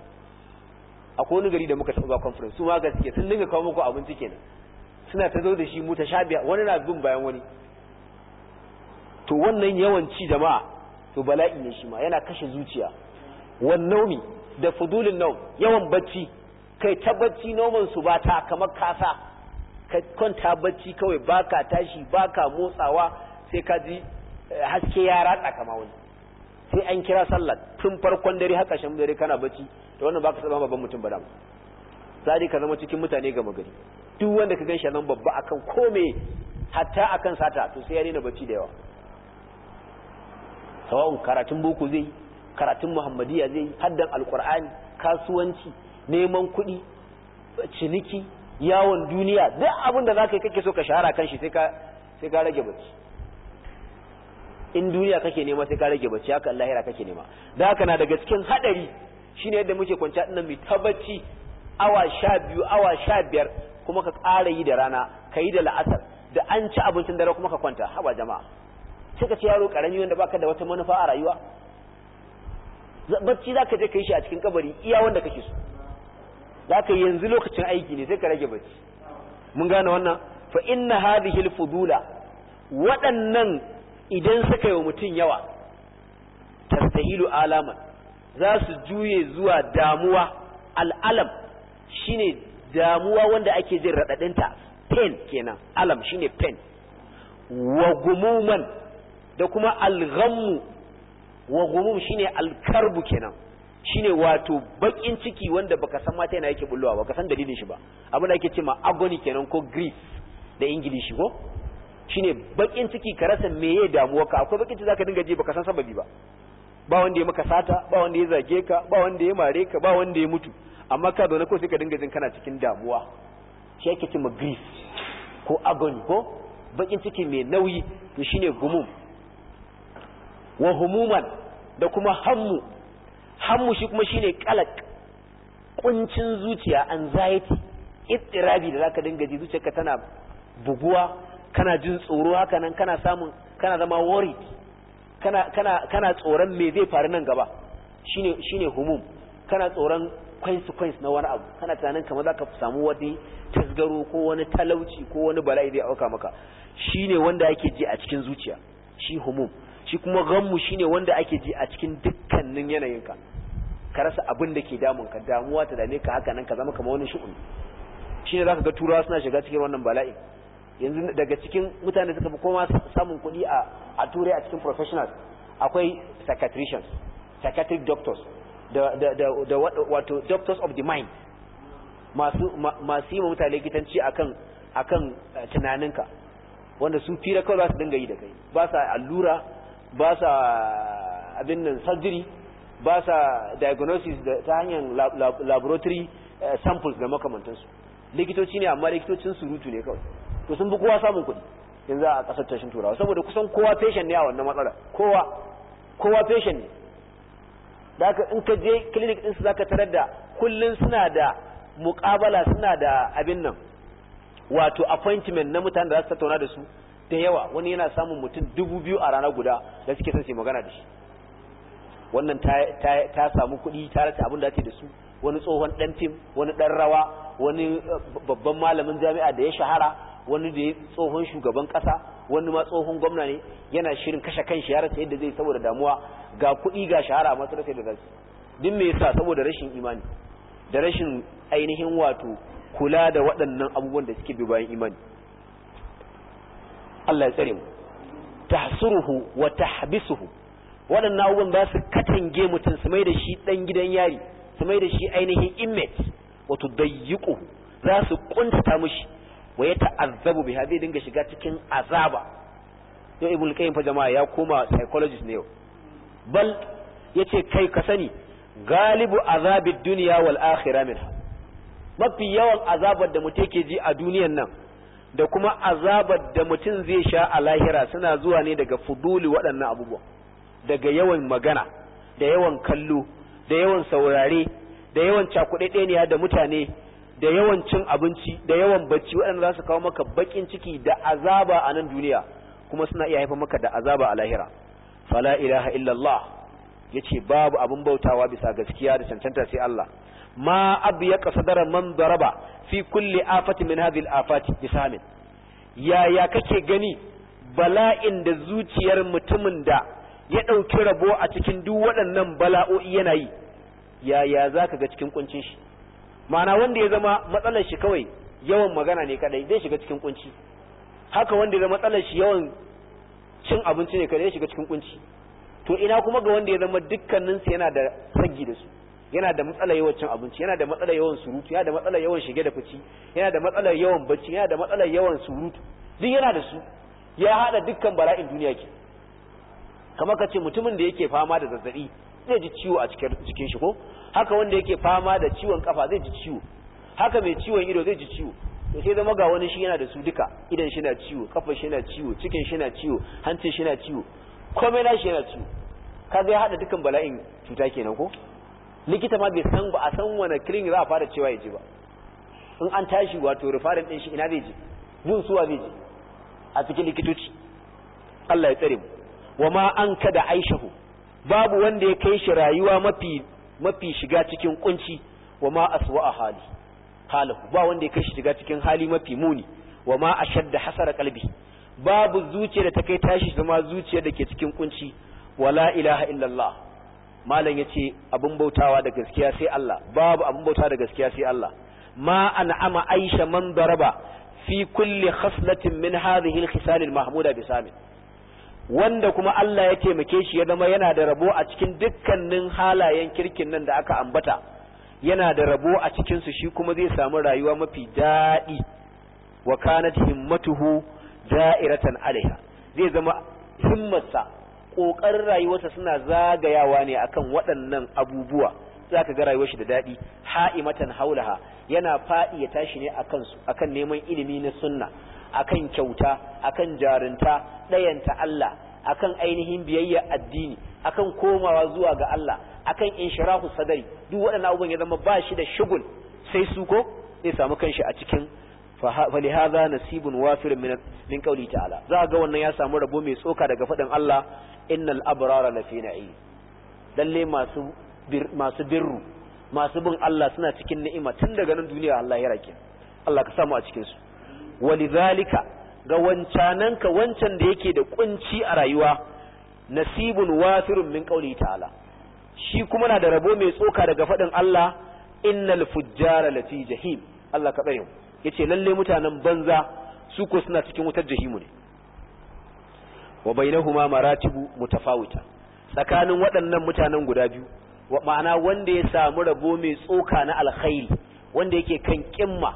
akwai wani gari da muka taɓa ba conference su ma haka suke sun dinga kawo muku abinci kenan suna ta zo da shi mu ta sha biya wani na bin bayan wani to wannan yawanci jama'a to bala'i ne shi ma yana kashe zuciya wan naumi da fudulin nau yawan bacci kai ta bacci noman su ba ta kamar kasa ka kwanta bacci kawai baka tashi baka motsawa sai ka ji eh, haske ya rada kamar wani sai an kira sallar tun farkon dare haka shan dare kana bacci to wannan baka saba babban mutum ba dama sai ka zama cikin mutane ga gari duk wanda ka gan shi nan babba akan kome hatta akan sata to sai ya daina bacci da yawa sawa'un karatun boko zai karatun muhammadiya zai yi haddan alkur'ani kasuwanci neman kuɗi ciniki yawon duniya duk abin da zaka yi kake so ka shahara kan shi sai ka rage bacci in duniya kake nema sai ka rage bacci haka lahira kake nema da haka na daga cikin hadari shine yadda muke kwanciya dinnan mu tabbaci awa sha biyu awa sha biyar kuma ka ƙara yi da rana ka yi da la'asar da an ci abincin dare kuma ka kwanta haba jama'a suka ce yaro karami wanda baka da wata manufa a rayuwa bacci zaka je ka yi shi a cikin kabari iya wanda kake so zaka yanzu lokacin aiki ne sai ka rage bacci mun gane wannan fa inna hadhihi al-fudula waɗannan idan suka yi wa mutum yawa tastahilu alama za su juye zuwa damuwa al'alam shine damuwa wanda ake jin raɗaɗinta pain kenan alam shine pain wa gumuman da kuma alghammu wa ghurur shine alkarbu kenan shine wato bakin ciki wanda baka san mata yana yake bullowa baka san dalilin shi ba abin da ake cewa agony kenan ko grief da ingilishi ko shine bakin ciki ka rasa meye damuwa ka akwai bakin ciki zaka dinga ji baka san sababi ba ba wanda ya maka sata ba wanda ya zage ka ba wanda ya mare ka ba wanda ya mutu amma ka zaune ko sai ka dinga jin kana cikin damuwa shi yake cewa grief ko agony ko bakin ciki mai nauyi to shine gumum wa humuman da kuma hammu hammu shi kuma shine kalak kuncin zuciya anxiety ittirabi da zaka dinga ji zuciyarka tana buguwa kana jin tsoro haka nan kana samun kana zama worried kana kana kana tsoron me zai faru nan gaba shine shine humum kana tsoron consequence na wani abu kana tunanin kamar zaka samu wani tasgaro ko wani talauci ko wani bala'i zai auka maka shine wanda yake ji a cikin zuciya shi humum shi kuma shi ne wanda ake ji a cikin dukkanin yanayinka ka rasa abin da ke damun ka damuwa ta dame ka haka nan ka zama kamar wani ne shine zaka ga turawa suna shiga cikin wannan bala'i yanzu daga cikin mutane suka fi koma samun kuɗi a turai a cikin professionals akwai psychiatricians psychiatric doctors da wato doctors of the mind masu masu yi mutane likitanci akan akan eh, tunaninka wanda su fira kawai za su dinga yi da kai ba sa allura ba sa abin nan surgery ba sa diagnosis da ta hanyar laboratory eh, samples da makamantansu likitoci ne amma likitocin surutu ne kawai to sun bi kowa samun kuɗi yanzu a ƙasar tashin turawa saboda kusan kowa patient ne a wannan matsala kowa kowa patient ne da in ka je clinic ɗinsu za ka tarar da kullum suna da muƙabala suna da abin nan wato appointment na mutane da za su tattauna da su da yawa wani yana samun mutum dubu biyu a rana guda da suke sanci magana da shi wannan ta samu kuɗi ta rata abin da ake da su wani tsohon ɗan tim wani ɗan rawa wani eh, babban malamin jami'a da ya shahara wani da ya tsohon shugaban ƙasa wani ma tsohon gwamna ne yana shirin kashe kan shi ya yadda zai saboda damuwa ga kuɗi ga shahara amma rasa yadda zai din me yasa saboda rashin imani da rashin ainihin wato kula da waɗannan abubuwan da suke bi bayan imani Allah ya tsare mu tahsuruhu wa tahbisuhu waɗannan abubuwan ba su katange mutum su mai da shi ɗan gidan yari su mai da shi ainihin inmate wato dayyuku za su ƙuntata mushi wa ya ta'azzabu biha zai dinga shiga cikin azaba yau ibn qayyim fa jama'a ya koma psychologist ne yau bal yace kai ka sani galibu azabid dunya wal akhirah minha mafi yawan azabar da mutum yake ji a duniyar nan da kuma azabar da mutum zai sha a lahira suna zuwa ne daga fuduli waɗannan abubuwa daga yawan magana da yawan kallo da yawan saurare da yawan cakuɗaɗɗeniya da mutane da yawan cin abinci da yawan bacci waɗanda za su kawo maka baƙin ciki da azaba a nan duniya kuma suna iya haifar maka da azaba a lahira fala ilaha illallah yace babu abin bautawa bisa gaskiya da cancanta sai Allah ma abyaka sadara man daraba fi kulli afati min hadhihi al-afati bisamin yaya kake gani bala'in da zuciyar mutumin da ya dauki rabo a cikin duk waɗannan bala'o'i yana yi yaya zaka ga cikin kuncin shi ma'ana wanda ya zama matsalar shi kawai yawan magana ne kadai zai shiga cikin kunci haka wanda ya zama matsalar shi yawan cin abinci ne kadai zai shiga cikin kunci to ina kuma ga wanda ya zama dukkaninsu yana da saggi da su yana da matsalar yawan cin abinci yana da matsalar yawan surutu yana da matsalar yawan shige da fici yana da matsalar yawan bacci yana da matsalar yawan surutu duk yana da su ya hada dukkan bala'in duniya ke kamar ka ce mutumin da yake fama da zazzabi zai ji ciwo a cikin shi ko haka wanda yake fama da ciwon kafa zai ji ciwo haka mai ciwon ido zai ji ciwo to sai zama ga wani shi yana da su duka idan shi na ciwo kafa shi na ciwo cikin shi na ciwo hancin shi na ciwo komai na shi yana ciwo kaga ya hada dukkan bala'in cuta kenan ko likita ma bai san ba a san wani clinic za a fara cewa ya ji ba in an tashi wato rufarin ɗin shi ina zai ji gun suwa zai ji a cikin likitoci Allah ya tsare mu wa ma an kada aishahu babu wanda ya kai shi rayuwa mafi mafi shiga cikin kunci wa ma aswa hali halahu ba wanda ya kai shi shiga cikin hali mafi muni wa ma ashadda hasara kalbi babu zuciya da ta kai tashi zama zuciya da ke cikin kunci wala ilaha illallah malam yace abin bautawa da gaskiya sai Allah babu abin bautawa da gaskiya sai Allah ma an'ama aisha man daraba fi kulli khaslatin min hadhihi al-khisal al-mahmuda bi samin wanda kuma Allah ya taimake shi ya zama yana da rabo a cikin dukkanin halayen kirkin nan da aka ambata yana da rabo a cikin su shi kuma zai samu rayuwa mafi daɗi wa kanat himmatuhu da'iratan alaiha zai zama himmarsa ƙoƙarin rayuwarsa suna zagayawa ne akan waɗannan abubuwa za ka ga rayuwar da daɗi ha'imatan haulaha yana faɗi ya tashi ne akan su akan neman ilimi na sunna akan kyauta akan jarunta ɗayanta Allah akan ainihin biyayya addini akan komawa zuwa ga Allah akan inshirahu sadari duk waɗannan abubuwan ya zama ba shi da shugul sai su ko zai samu kanshi a cikin فلهذا نصيب وافر من من قوله ta'ala za ga wannan ya samu rabo mai tsoka daga fadin Allah innal abrara lafi na'im lalle masu masu birru masu bin Allah suna cikin ni'ima tun daga nan duniya Allah ya rake Allah ka samu a cikin su walizalika ga wancananka wancan da yake da kunci a rayuwa nasibun wafirun min qauli ta'ala shi kuma na da rabo mai tsoka daga fadin Allah innal fujjara lati jahim Allah ka tsare mu yace lalle mutanen banza su ko suna cikin wutar jahimu ne wa bainahuma maratibu mutafawita tsakanin waɗannan mutanen guda biyu ma'ana wanda ya samu rabo mai tsoka na alkhairi wanda yake kan kimma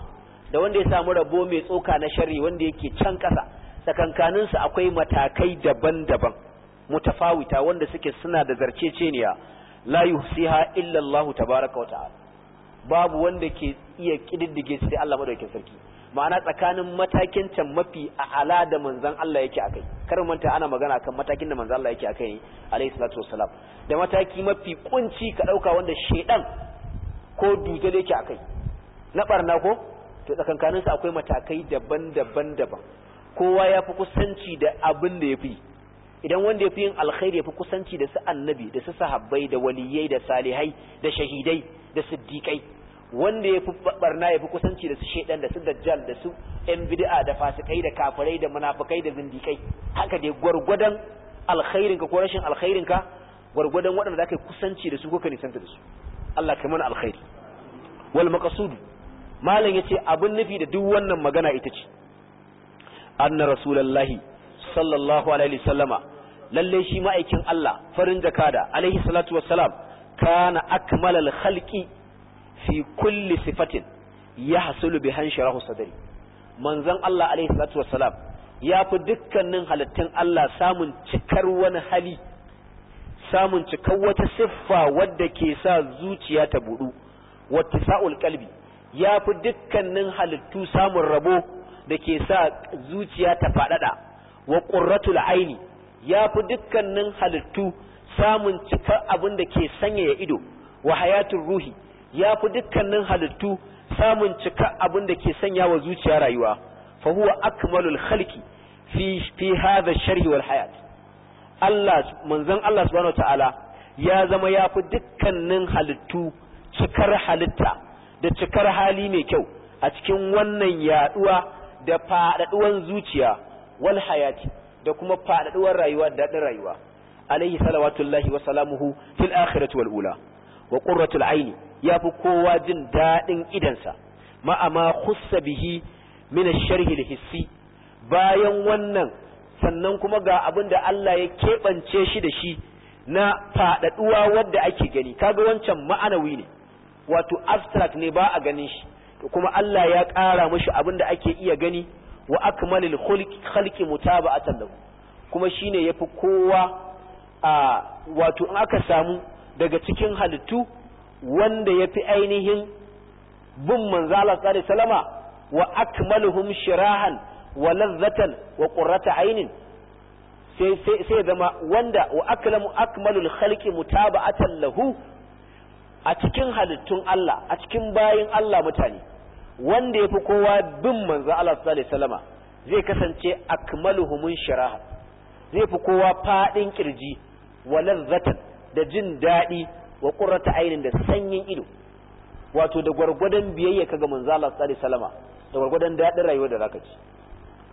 da wanda ya samu rabo mai tsoka na sharri wanda yake can kasa tsakankanin su akwai matakai daban-daban mutafawita wanda suke suna da zarceceniya la yuhsiha illa Allah tabaaraka wa ta'ala babu wanda ke iya kididdige sai Allah madaukakin sarki ma'ana tsakanin matakin can mafi ala da manzan Allah yake akai karin manta ana magana kan matakin da manzan Allah yake akai alayhi salatu wassalam da mataki mafi kunci ka ɗauka wanda shedan ko da yake akai na barna ko to tsakankanin sa akwai matakai daban-daban daban kowa ya fi kusanci da abin da ya fi idan wanda ya fi yin alkhairi ya fi kusanci da su annabi da su sahabbai da waliyai da salihai da shahidai da siddiƙai wanda ya fi barna ya fi kusanci da su shaidan da su dajjal da su yan bid'a da fasikai da kafirai da munafikai da zindikai haka dai gwargwadon alkhairin ka ko rashin alkhairin ka gwargwadon waɗanda zaka kusanci da su ko ka nisanta da su Allah kai mana alkhairi wal maqsud malam yace abun nufi da duk wannan magana ita ce anna rasulullahi sallallahu alaihi wasallama lalle shi ma'aikin Allah farin jakada alaihi salatu wassalam kana akmalal khalqi fi kulli sifatin ya hasulu bi hansharahu sadri manzon Allah alaihi salatu wassalam ya fi dukkanin halittun Allah samun cikar wani hali samun cikar wata siffa wadda ke sa zuciya ta budu sa'ul qalbi ya fi dukkanin halittu samun rabo da ke sa zuciya ta faɗaɗa wa ƙurratul aini ya fi dukkanin halittu samun cikar abin da ke sanyaya ido wa hayatun ruhi ya fi dukkanin halittu samun cika abin da ke sanya wa zuciya rayuwa fa huwa akmalul khalqi fi fi hadha sharhi wal hayat Allah manzon Allah subhanahu ya zama ya fi dukkanin halittu cikar halitta da cikar hali mai kyau a cikin wannan yaduwa da fadaduwan zuciya wal hayati da kuma fadaduwar rayuwa da dadin rayuwa alayhi salawatullahi wa salamuhu fil akhirati wal ula wa qurratul aini ya fi kowa jin daɗin idansa ma'ama hussa bihi mina da hissi bayan wannan sannan kuma ga abin da Allah ya keɓance shi da shi na faɗaɗuwa wanda ake gani kaga wancan ma'anawi ne wato abstract ne ba a ganin shi to kuma Allah ya ƙara mashi abin da ake iya gani wa akmalil khalqi mutaba'atan lahu kuma shine yafi kowa a wato in aka samu daga cikin halittu wanda ya fi ainihin bin manzo tsari Salama wa akmaluhum shirahan wa lazzatan wa qurrata ainin sai sai sai zama wanda wa aklamu akmalul khalqi mutaba'atan lahu a cikin halittun Allah a cikin bayin Allah mutane wanda yafi kowa bin manzo Allah sallallahu alaihi zai kasance akmaluhum shirahan zai fi kowa fadin kirji wa ladzatan da jin daɗi wa qurrata ainin da sanyin ido wato da gwargwadon biyayya kaga manzo Allah sallallahu alaihi wasallama da gwargwadon dadin rayuwa da zaka ci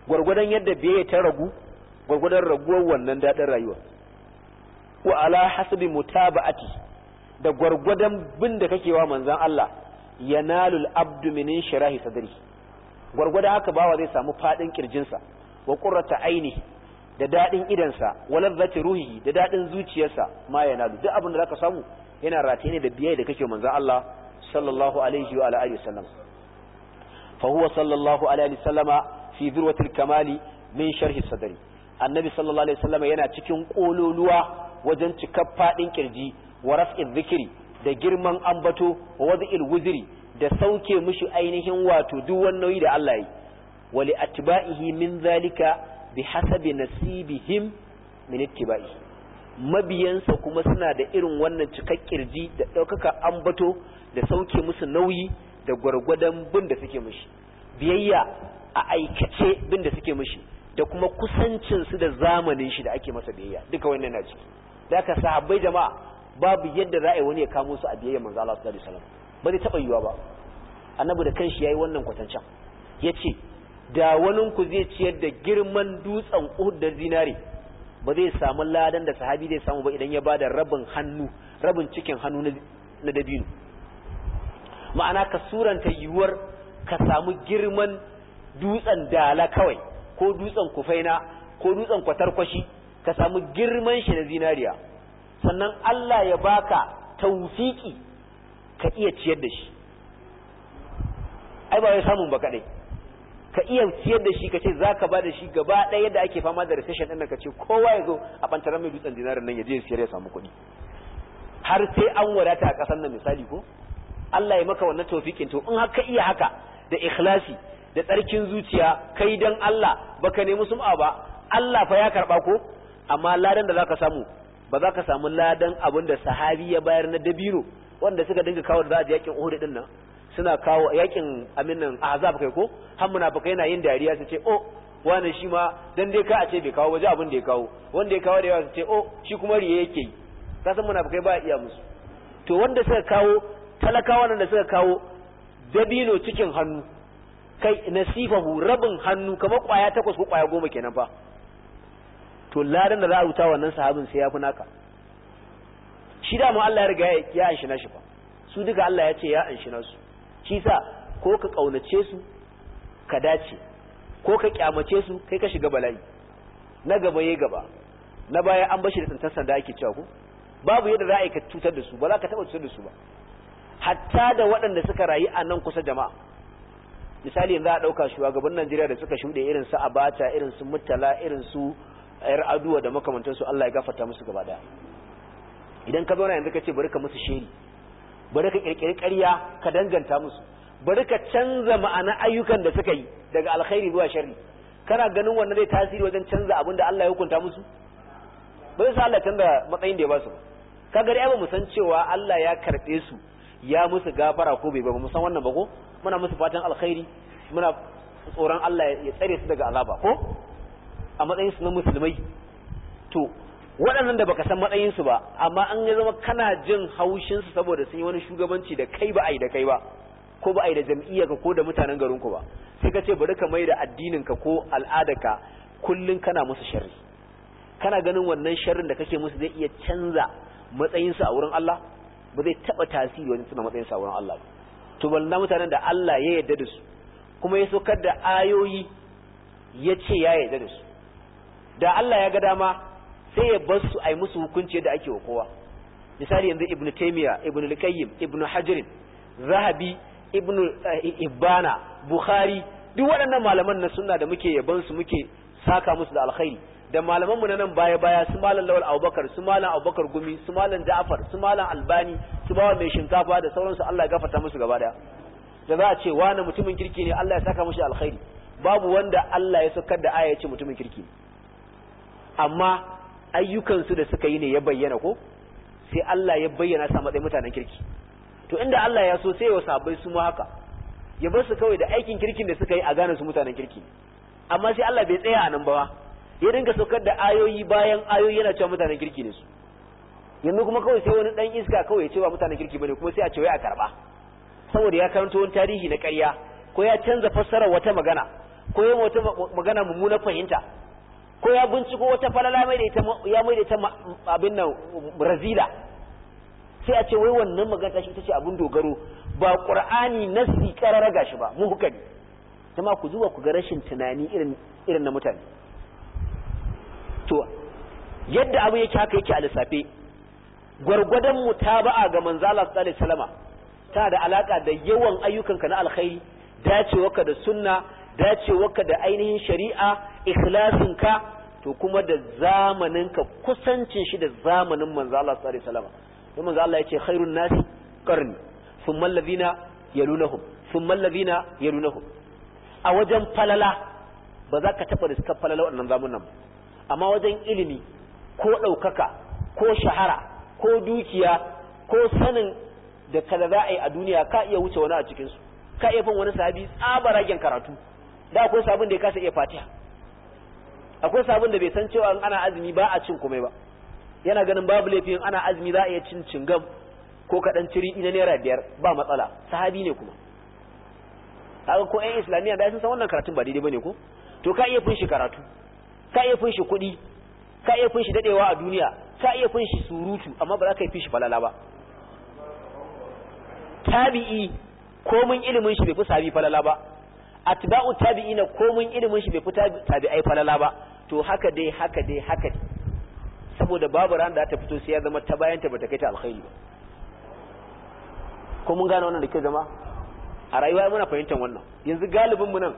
gwargwadon yadda biyayya ta ragu gwargwadon raguwar wannan dadin rayuwa wa ala hasbi mutaba'ati da gwargwadon bin da kake wa manzon Allah yanalul abdu min shirahi sadri gwargwadon haka bawa zai samu fadin kirjinsa wa qurrata aini da dadin idansa wa ladhati ruhi da dadin zuciyarsa ma yanalu duk abin da zaka samu yana rataye da biyayya da kake manzo Allah sallallahu alaihi wa alihi wasallam fa huwa sallallahu alaihi wasallama fi dhirwatil kamali min sharhi sadri annabi sallallahu alaihi wasallama yana cikin kololuwa wajen cikar fadin kirji wa raf'i dhikri da girman ambato wa wad'il wuzri da sauke mushi ainihin wato duk wannan da Allah yi wa atba'ihi min zalika bihasabi nasibihim min ittiba'ihi mabiyansa kuma suna da irin wannan cikakkirji da ɗaukaka ambato da sauke musu nauyi da gwargwadon bin da suke mishi biyayya a aikace bin da suke mushi da kuma kusancin su da zamanin shi da ake masa biyayya duka wannan na ciki da ka sahabbai jama'a babu yadda za a yi wani ya kamo su a biyayya manzo Allah sallallahu alaihi wasallam ba zai taɓa yiwuwa ba annabi da kanshi yayi wannan kwatancan yace da wani ku zai ciyar da girman dutsen Uhud da zinare ba zai samu ladan da sahabi zai samu ba idan ya bada rabin hannu rabin cikin hannu na dabino ma'ana ka suranta yiwuwar ka samu girman dutsen dala kawai ko dutsen kufaina ko dutsen kwatarkwashi ka samu girman shi na zinariya sannan Allah ya baka tawfiki ka iya ciyar da shi ai ba wai samun ba kadai ka iya ciyar da shi ka ce za ka ba da shi gaba ɗaya da ake fama da recession ɗin ka ce kowa ya zo a ɓantaren mai dutsen dinarin nan ya je siyar ya samu kuɗi har sai an wadata a ƙasar nan misali ko Allah ya maka wannan tofikin to in haka iya haka da ikhlasi da tsarkin zuciya kai dan Allah baka nemi sum'a ba Allah fa ya karba ko amma ladan da zaka samu ba za ka samu ladan abin da sahabi ya bayar na dabiro wanda suka dinga kawo da za a je yakin Uhud din nan suna kawo yakin aminin azab kai ko har munafikai yana yin dariya su ce oh wani shi ma dan dai ka a ce bai kawo ji abin da ya kawo wanda ya kawo da yawa su ce oh shi kuma riye yake yi ka san munafikai ba iya musu to wanda suka kawo talakawa nan da suka kawo dabino cikin hannu kai nasifahu rabin hannu kamar kwaya takwas ko kwaya goma kenan fa to ladan da za a wuta wannan sahabin sai ya fi naka shi da mu Allah ya riga ya anshina shi fa su duka Allah ya ce ya anshina nasu shi sa ko ka kaunace su ka dace ko ka kyamace su kai ka shiga bala'i na gaba ya gaba na baya an bashi da tsantarsa da ake cewa babu yadda za a ka cutar da su ba za ka taba cutar da su ba hatta da waɗanda suka rayu a nan kusa jama'a misali yanzu a ɗauka shugaban Najeriya da suka shuɗe irin su abata irin su mutala irin su yar aduwa da makamantansu Allah ya gafarta musu gaba daya idan ka zauna yanzu ka ce bari ka musu shiri bari ka kirkiri ƙarya ka danganta musu bari ka canza ma'ana ayyukan da suka yi daga alkhairi zuwa sharri kana ganin wannan zai tasiri wajen canza abin da Allah ya hukunta musu ba zai sa Allah canza matsayin da ya ba su kaga gari ba mu san cewa Allah ya karɓe su ya musu gafara ko bai ba mu san wannan ba ko muna musu fatan alkhairi muna tsoron Allah ya tsare su daga azaba ko a matsayin su na musulmai to waɗannan da baka san matsayinsu ba amma an ya zama kana jin haushinsu saboda sun yi wani shugabanci da kai ba a yi da kai ba ko ba a yi da jam'iyyarka ko da mutanen garinku ba sai ka ce bari ka mai da addininka ko al'adarka kullum kana musu sharri kana ganin wannan sharrin da kake musu zai iya canza matsayinsu a wurin Allah ba zai taɓa tasiri wajen tuna matsayinsu a wurin Allah ba to balla mutanen da Allah ya yarda da su kuma ya saukar da ayoyi ya ce ya yarda da su da Allah ya ga dama sai ya bar su ai musu hukunci da ake wa kowa misali yanzu ibn taymiya ibn al-qayyim ibn Hajirin zahabi ibn eh, ibana bukhari duk waɗannan malaman na sunna da muke yaban su muke saka musu da alkhairi da malaman mu na nan baya baya su malam lawal abubakar su malam abubakar gumi su malam ja'far su malam albani su bawa mai shinkafa da sauransu Allah ya gafarta musu gaba daya da za a ce wani mutumin kirki ne Allah ya saka mushi alkhairi babu wanda Allah ya saukar da aya ya ce mutumin kirki amma ayyukansu da suka yi ne ya bayyana ko sai Allah ya bayyana sa matsayin mutanen kirki to inda Allah ya so sai ya sabai su ma haka ya bar su kawai da aikin kirkin da suka yi a gane su mutanen kirki amma sai Allah bai tsaya a nan ba ya dinga saukar da ayoyi bayan ayoyi yana cewa mutanen kirki ne su yanzu kuma kawai sai wani dan iska kawai ya ce ba mutanen kirki bane kuma sai a ce wai a karba saboda ya karanto wani tarihi na ƙarya ko ya canza fassarar wata magana ko ya wata magana mummunar fahimta ko ya binciko wata falala mai da ita ya mai da ita abin nan razila sai a ce wai wannan magana ta shi ce abin dogaro ba qur'ani nasi karara gashi ba mu hukani kuma ku zuwa ku ga rashin tunani irin irin na mutane to yadda abu yake haka yake a lissafe gwargwadon mutaba'a ga manzala sallallahu alaihi tana da alaka da yawan ayyukan ka na alkhairi dacewa ka da sunna dacewarka da ainihin shari'a ka to kuma da zamaninka kusancin shi da zamanin manzo Allah sallallahu alaihi wasallam don manzo Allah yace khairun nasi qarni thumma alladhina yalunahum thumma alladhina yalunahum a wajen falala ba za ka taba da suka falala wannan zamanin ba amma wajen ilimi ko daukaka ko shahara ko dukiya ko sanin da kada za a yi a duniya ka iya wuce wani a cikinsu ka iya fin wani sahabi ragen karatu da akwai sabon da ya kasa iya fatiha akwai sabon da bai san cewa ana azumi ba a cin komai ba yana ganin babu laifin ana azumi za a iya cin cingam ko kaɗan ciri ina naira biyar ba matsala sahabi ne kuma kaga ko ƴan islamiyya da sun san wannan karatun ba daidai bane ko to ka iya fin karatu ka iya fin kuɗi ka iya fin shi dadewa a duniya ka iya fin surutu amma ba za ka yi fishi falala ba tabi'i komin ilimin shi bai fi sahabi falala ba atba'u tabi'ina mun ilimin shi bai fi tabi'ai falala ba to haka dai haka dai haka dai saboda babu ran da ta fito sai ya zama ta bayanta bata kai ta alkhairi ba ko mun gane wannan da ke zama a rayuwa muna fahimtar wannan yanzu galibin mu nan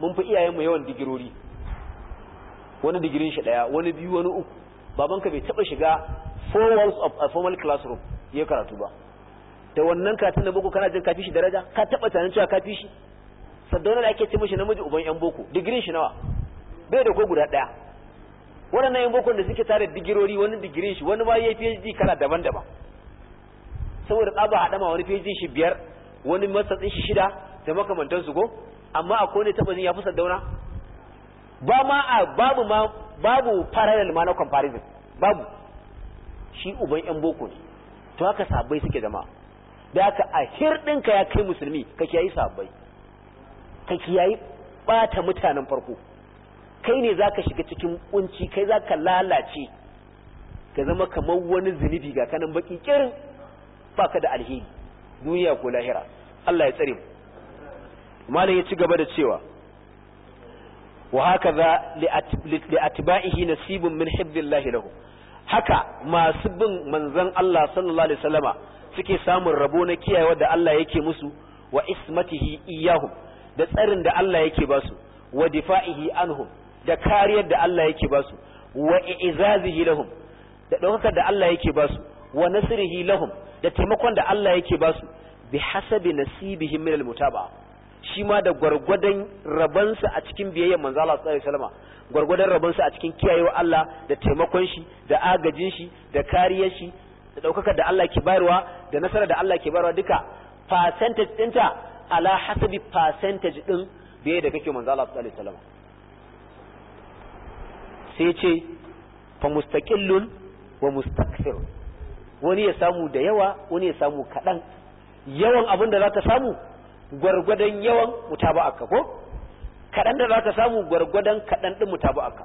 mun fi iyayen mu yawan digirori wani digirin shi daya wani biyu wani uku baban ka bai taba shiga four walls of a formal classroom ya karatu ba da wannan katin da boko kana jin kafi shi daraja ka taba tunanin cewa kafi shi saddauna da ake ce namiji uban yan boko digirin shi nawa bai da ko guda daya waɗannan yan bokon da suke tare digirori wani digirin shi wani ma ya yi PhD kala daban-daban saboda tsaba haɗama wani PhD shi biyar wani matsatsin shi shida da makamantansu ko amma akwai ne zin ya fi saddauna ba ma a babu ma babu parallel ma na comparison babu shi uban yan boko ne to haka sabai suke zama da haka a hirɗinka ya kai musulmi ka kiyayi sabbai ka kiyaye bata mutanen farko kai ne zaka shiga cikin kunci kai zaka lalace ka zama kamar wani zunubi ga kanan baki kirin baka da alheri duniya ko lahira Allah ya tsare mu malam ya ci gaba da cewa wa hakaza li atba'ihi nasibun min hibbillahi lahu haka masu bin manzon Allah sallallahu alaihi wasallama suke samun rabo na kiyayewa da Allah yake musu wa ismatihi iyahum da tsarin da Allah yake ba su wa difa'ihi anhum da kariyar da Allah yake ba su wa i'zazihi lahum da daukar da Allah yake ba su wa nasrihi lahum da taimakon da Allah yake ba su bi hasabi nasibihim min almutaba shi ma da gwargwadon rabansu a cikin biyayyar manzo Allah sallallahu alaihi wasallam gwargwadon rabansu a cikin kiyayewa Allah da taimakon shi da agajin shi da kariyar shi da daukakar da Allah ke bayarwa da nasara da Allah ke bayarwa duka percentage ɗinta ala hasabi percentage din biye da kake manzo Allah sallallahu alaihi wasallam sai ce fa mustaqillun wa mustakthir wani ya samu da yawa wani ya samu kadan yawan abin da zaka samu gwargwadon yawan mutaba'aka ko kadan da zaka samu gwargwadon kadan din mutaba'aka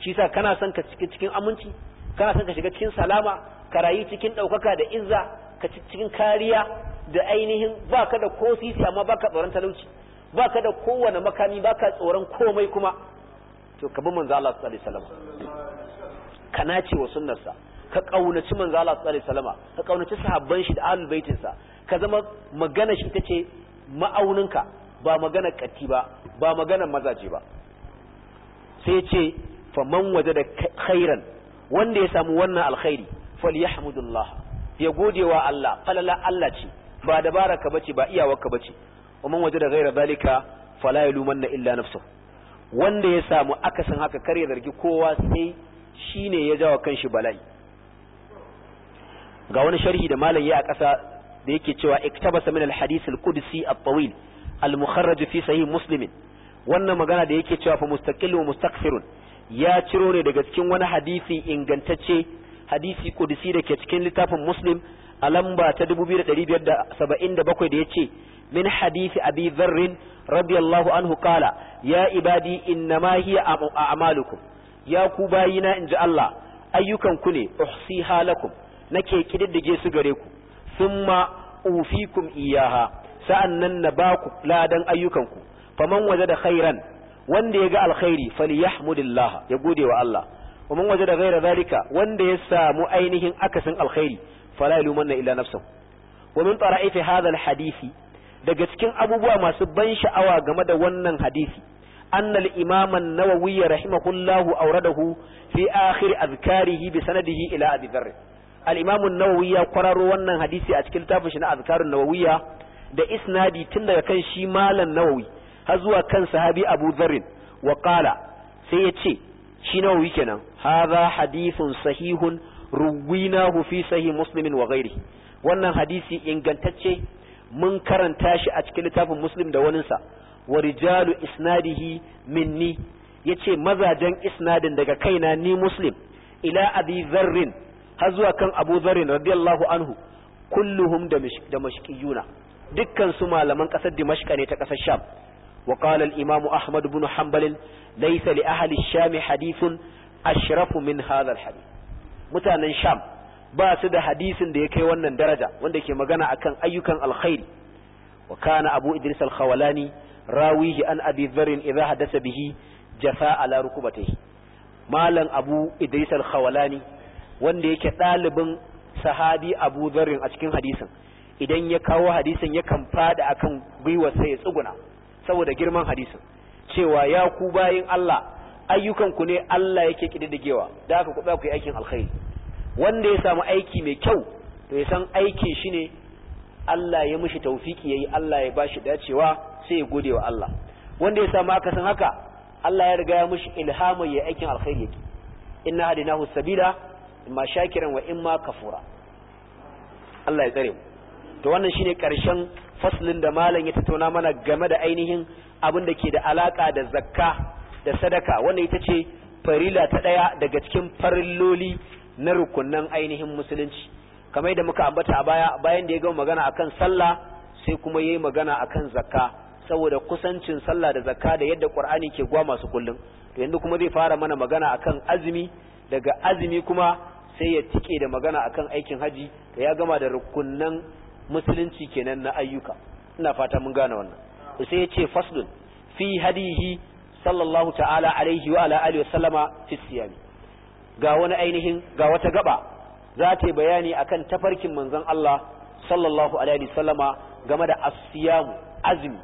shi sa kana son ka cikin cikin aminci kana son ka shiga cikin salama ka rayu cikin daukaka da izza ka cikin kariya da ainihin ba ka da ko sisi amma ba ka tsoron talauci ba ka da kowane makami ba ka tsoron komai kuma to ka bi manzo Allah sallallahu alaihi wasallam ka nace wa sunnarsa ka kaunaci manzo Allah sallallahu alaihi wasallam ka kaunaci sahabban shi da ahlul baitin sa ka zama magana shi tace ma'auninka ba magana katti ba ba magana mazaje ba sai ce fa faman wajada khairan wanda ya samu wannan alkhairi falyahmudullah ya gode wa Allah falala Allah ce ba ka bace ba iyawarka bace umman waje da ghaira zalika fala na illa nafsu wanda ya samu akasin haka kar ya zargi kowa sai shine ya jawo kanshi bala'i ga wani sharhi da malam ya a kasa da yake cewa iktabasa min al-hadith al-qudsi at-tawil al-mukharraj fi sahih muslim wannan magana da yake cewa fa mustaqil wa mustakfirun ya ciro ne daga cikin wani hadisi ingantacce hadisi qudsi da ke cikin littafin muslim a lamba ta 2577 da ya ce min hadisi abi dharr radiyallahu anhu kala ya ibadi innama hiya a'malukum ya ku bayina inji Allah ayyukan ku ne uhsiha lakum nake kididdige su gare ku ma ufikum iyaha sa'an nan na baku ladan ayyukanku faman waje da khairan wanda ya ga alkhairi fali ya gode wa Allah waje da غير ذلك wanda ya samu ainihin akasin alkhairi fala yalumanna illa nafsahu wa min tara'ifi hadha alhadisi daga cikin abubuwa masu ban sha'awa game da wannan hadisi anna al-imam an-nawawi rahimahullah awradahu fi akhir azkarihi bi sanadihi ila abi dharr al-imam an-nawawi ya kwararo wannan hadisi a cikin tafashi na azkarun nawawiya da isnadi tun daga kan shi malam nawawi har zuwa kan sahabi abu dharr wa sai ya ce shi nawawi kenan hadha hadithun sahihun ruwina fi sahi muslimin wa ghairi wannan hadisi ingantacce mun karanta shi a cikin littafin muslim da waninsa wa rijalu isnadihi minni yace mazajen isnadin daga kaina ni muslim ila abi zarrin har zuwa kan abu zarrin radiyallahu anhu kulluhum da mashkiyuna dukkan su malaman kasar dimashka ne ta kasar sham wa qala al imamu ahmad ibn hanbal laysa li ahli sham hadithun ashrafu min hadha al hadith mutanen sham ba su da hadisin da ya kai wannan daraja wanda ke magana akan ayyukan alkhairi wa kana abu idris al-khawalani rawihi an abi dharrin idha hadasa bihi jafa ala rukubatayhi malam abu idris al-khawalani wanda yake dalibin sahabi abu dharrin a cikin hadisin idan ya kawo hadisin yakan fada akan gwiwar sai ya tsuguna saboda girman hadisin cewa ya ku bayin Allah ayyukan ku ne Allah yake kididdigewa da haka ku ku yi aikin alkhairi wanda ya samu aiki mai kyau to ya san aikin shi ne Allah ya mishi tawfiki yayi Allah ya bashi dacewa sai ya gode wa Allah wanda ya samu aka san haka Allah ya riga ya mishi ilhama ya aikin alkhairi yake inna hadinahu sabila imma shakiran wa imma kafura Allah ya tsare mu to wannan shine karshen faslin da malam ya tattauna mana game da ainihin abin da ke da alaka da zakka da sadaka wannan ita ce farila ta ɗaya daga cikin farilloli na rukunan ainihin musulunci kamar da muka ambata a baya bayan da ya gama magana akan sallah sai kuma yayi magana akan zakka saboda kusancin sallah da zakka da yadda qur'ani ke gwa masu kullum to yanzu kuma zai fara mana magana akan azumi daga azumi kuma sai ya tike da magana akan aikin haji da ya gama da rukunnan musulunci kenan na ayyuka ina fata mun gane wannan sai ya ce faslun fi hadihi sallallahu ta'ala alaihi wa ala alihi sallama fi siyami ga wani ainihin ga wata gaba za ta yi bayani akan tafarkin manzon Allah sallallahu alaihi sallama game da as-siyam azmi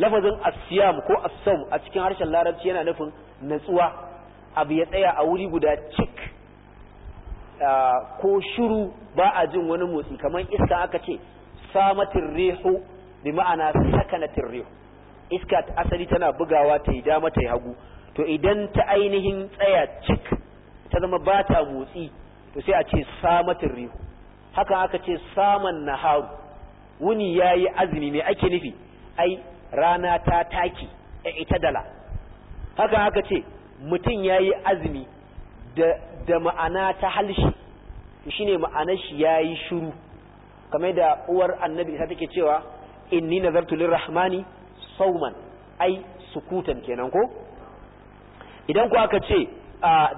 lafazin Asiyam ko as a cikin harshen larabci yana nufin natsuwa abu ya tsaya a wuri guda cik ko shiru ba a jin wani motsi kamar iska aka ce samatin rihu bi ma'ana sakanatin rihu iska ta asali tana bugawa ta yi dama ta yi hagu to idan ta ainihin tsaya cik ta zama ba ta motsi to sai a ce samatin rihu haka aka ce saman naharu wuni ya yi azumi mai ake nufi ai rana ta taki a e, ita dala haka aka ce mutum ya yi azumi da ma'ana ta halshi shi ne ma'anar shi ya yi shuru kamar da uwar annabi isa take cewa inni nazartu lirrahmani sauman ai sukutan kenan ko idan ku aka ce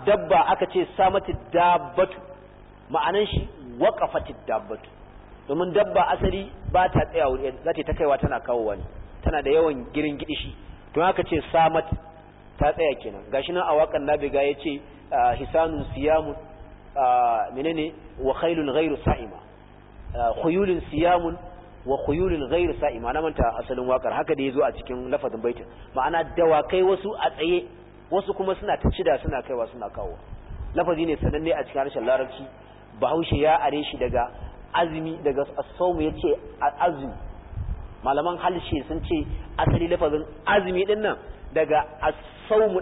dabba aka ce samati dabbatu ma'anan shi waqafati dabbatu domin dabba asali ba ta tsaya wuri za ta kaiwa tana kawo wani tana da yawan girin gidishi to aka ce samat ta tsaya kenan gashi nan a nabi nabiga yace hisanu siyamu menene wa khailun ghairu sa'ima khuyulun siyamun wa khuyulil ghair sa'i ma'ana manta asalin wakar haka da zo a cikin lafazin baitin ma'ana dawakai wasu a tsaye wasu kuma suna ta cida suna kaiwa suna kawo lafazi ne sananne a cikin harshen larabci bahaushe ya are shi daga azumi daga as yace azumi malaman halshe sun ce asali lafazin azumi din nan daga as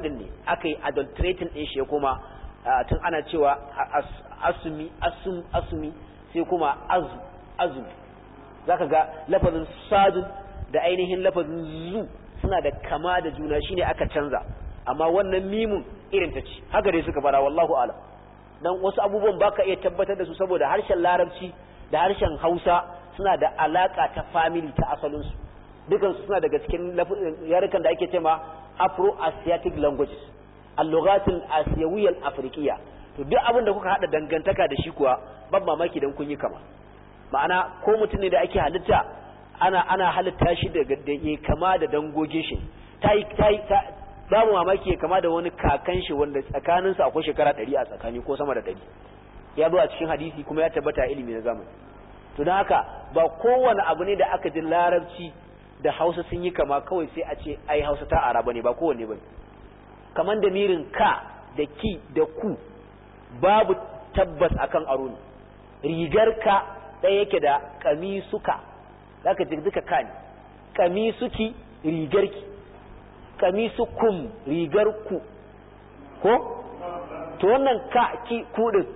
din ne akai adulterating din shi ya tun ana cewa asumi asum asumi sai kuma azumi zaka ga lafazin sadu da ainihin lafazin zu suna da kama da juna shine aka canza amma wannan mimun irin ta ce haka dai suka fara wallahu ala dan wasu abubuwan baka iya tabbatar da su saboda harshen larabci da harshen hausa suna da alaka ta family ta asalinsu dukansu suna daga cikin yarukan da ake cewa afro asiatic languages al-lughatul asiyawiyyah al to duk abin da kuka hada dangantaka da shi kuwa ban mamaki dan kun yi kama ma'ana ko mutum ne da ake halitta ana ana halitta shi daga da ya kama da dangogin shi ta yi ta yi babu mamaki ya kama da wani kakan shi wanda tsakanin sa akwai shekara 100 a tsakani ko sama da 100 ya zo a cikin hadisi kuma ya tabbata ilimi na zamani to don haka ba kowane abu ne da aka ji larabci da Hausa sun yi kama kawai sai a ce ai Hausa ta Araba ne ba kowanne bane kaman da mirin ka da ki da ku babu tabbas akan aro ne rigar ka ɗaya yake da za ka ji duka ka ne kamisuki rigarki rigar ku ko to wannan ka ki kudin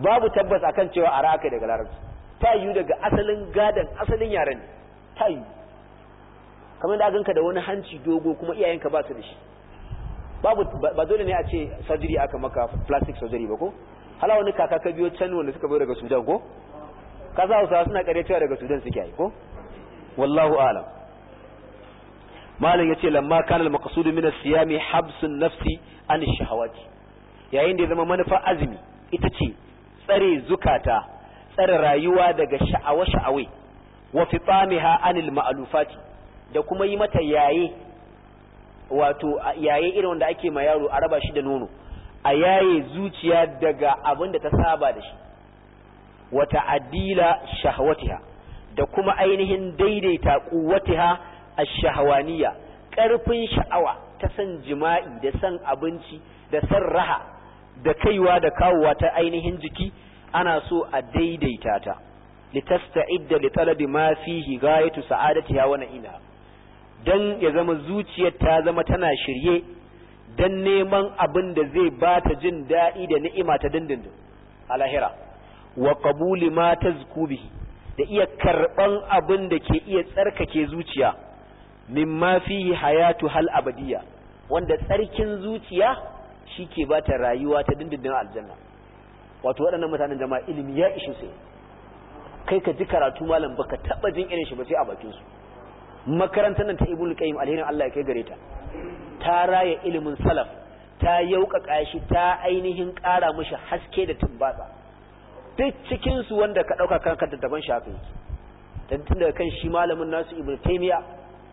babu tabbas akan cewa a raka daga larabci ta yiwu daga asalin gadon asalin yaren ta yiwu kamar da aganka da wani hanci dogo kuma iyayenka ba su da shi babu ba dole ne a ce surgery aka maka plastic surgery ba ko hala wani kaka ka biyo can wanda suka biyo daga Sudan ko kaza hausawa suna kare cewa daga sudan suke yi ko wallahu alam malam yace lamma kana al maqsudu min as-siyami habsun nafsi an shahawati yayin da ya zama manufa azumi ita ce tsare zukata tsare rayuwa daga sha'awa sha'awai wa fitamiha anil ma'lufati da kuma yi mata yaye wato yaye irin wanda ake ma yaro a raba shi da nono a yaye zuciya daga abin da ta saba da shi Wata ta'dila shahwatiha da kuma ainihin daidaita quwwatiha a shahawaniya karfin sha'awa ta san jima'i da san abinci da san raha da kaiwa da kawuwa ta ainihin jiki ana so a daidaita ta litasta'idda li talabi ma fihi ghayatu sa'adatiha wa na'imha dan ya zama zuciyar ta zama tana shirye dan neman abin da zai ba ta jin daɗi da ni'ima ta dindindin a wa qabuli ma tazku bihi da iya karban abin da ke iya tsarkake zuciya mimma fihi hayatu hal abadiyya wanda tsarkin zuciya shike bata rayuwa ta dindindin aljanna wato waɗannan mutanen jama'a ilimi ya ishe su kai ka ji karatu malam baka taba jin irin shi ba sai a bakin su makarantar nan ta ibnu qayyim alherin Allah ya kai gare ta ta raya ilimin salaf ta yauƙaƙa shi ta ainihin ƙara mishi haske da tumbatsa duk cikin su wanda ka dauka kanka da daban shafin dan tun daga kan shi malamin nasu ibn taymiya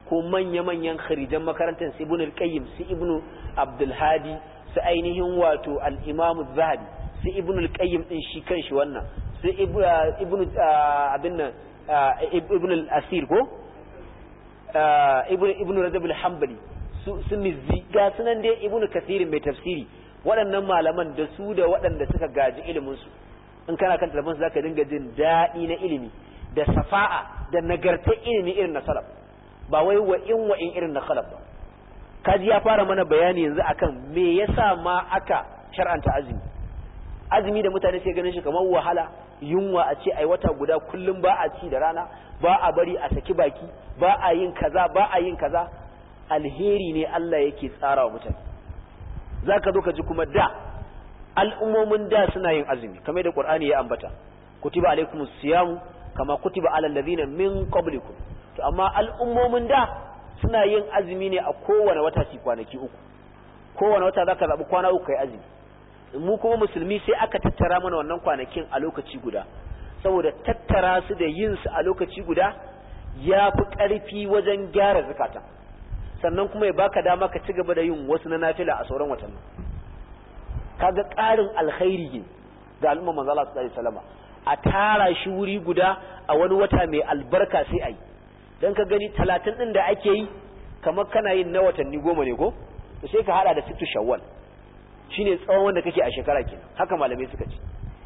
ko manya manyan kharijan makarantar su ibn al-qayyim su ibnu abdul hadi su ainihin wato al-imam az-zahabi su ibn al-qayyim din shi kanshi wannan su ibn ah, abin nan ah, ibnu al-asir ko ah, ibn rajab al-hanbali su mizzi ga sunan dai ibn kathirin mai tafsiri waɗannan malaman da su da waɗanda suka gaji iliminsu in kana kan talabansu za ka dinga jin daɗi na ilimi da safa'a da nagarta ilimi irin na salaf ba wai wa in wa in irin na salaf ba kaji ya fara mana bayani yanzu akan me yasa ma aka shar'anta azumi azumi da mutane sai ganin shi kamar wahala yunwa a ce ai wata guda kullum ba a ci da rana ba a bari a saki baki ba a yin kaza ba a yin kaza alheri ne Allah yake tsara wa mutane zaka zo ka ji kuma da al'ummomin da suna yin azumi kamar da qur'ani ya ambata kutiba alaikumus siyam kama kutiba alal ladina min qablikum to amma al'ummomin da suna yin azumi ne a kowane wata ci kwanaki uku kowane wata zaka zabi kwana uku kai azumi mu kuma musulmi sai aka tattara mana wannan kwanakin a lokaci guda saboda tattara su da yin su a lokaci guda ya fi ƙarfi wajen gyara zakata sannan kuma ya baka dama ka ci gaba da yin wasu na nafila a sauran watannin kaga ƙarin alkhairi ne ga al'umma manzo Allah sallallahu alaihi wasallam a tara shi wuri guda a wani wata mai albarka sai ayi dan ka gani 30 din da ake yi kamar kana yin na watanni goma ne ko to sai ka hada da sittu shawwal shine tsawon wanda kake a shekara kenan haka malamai suka ce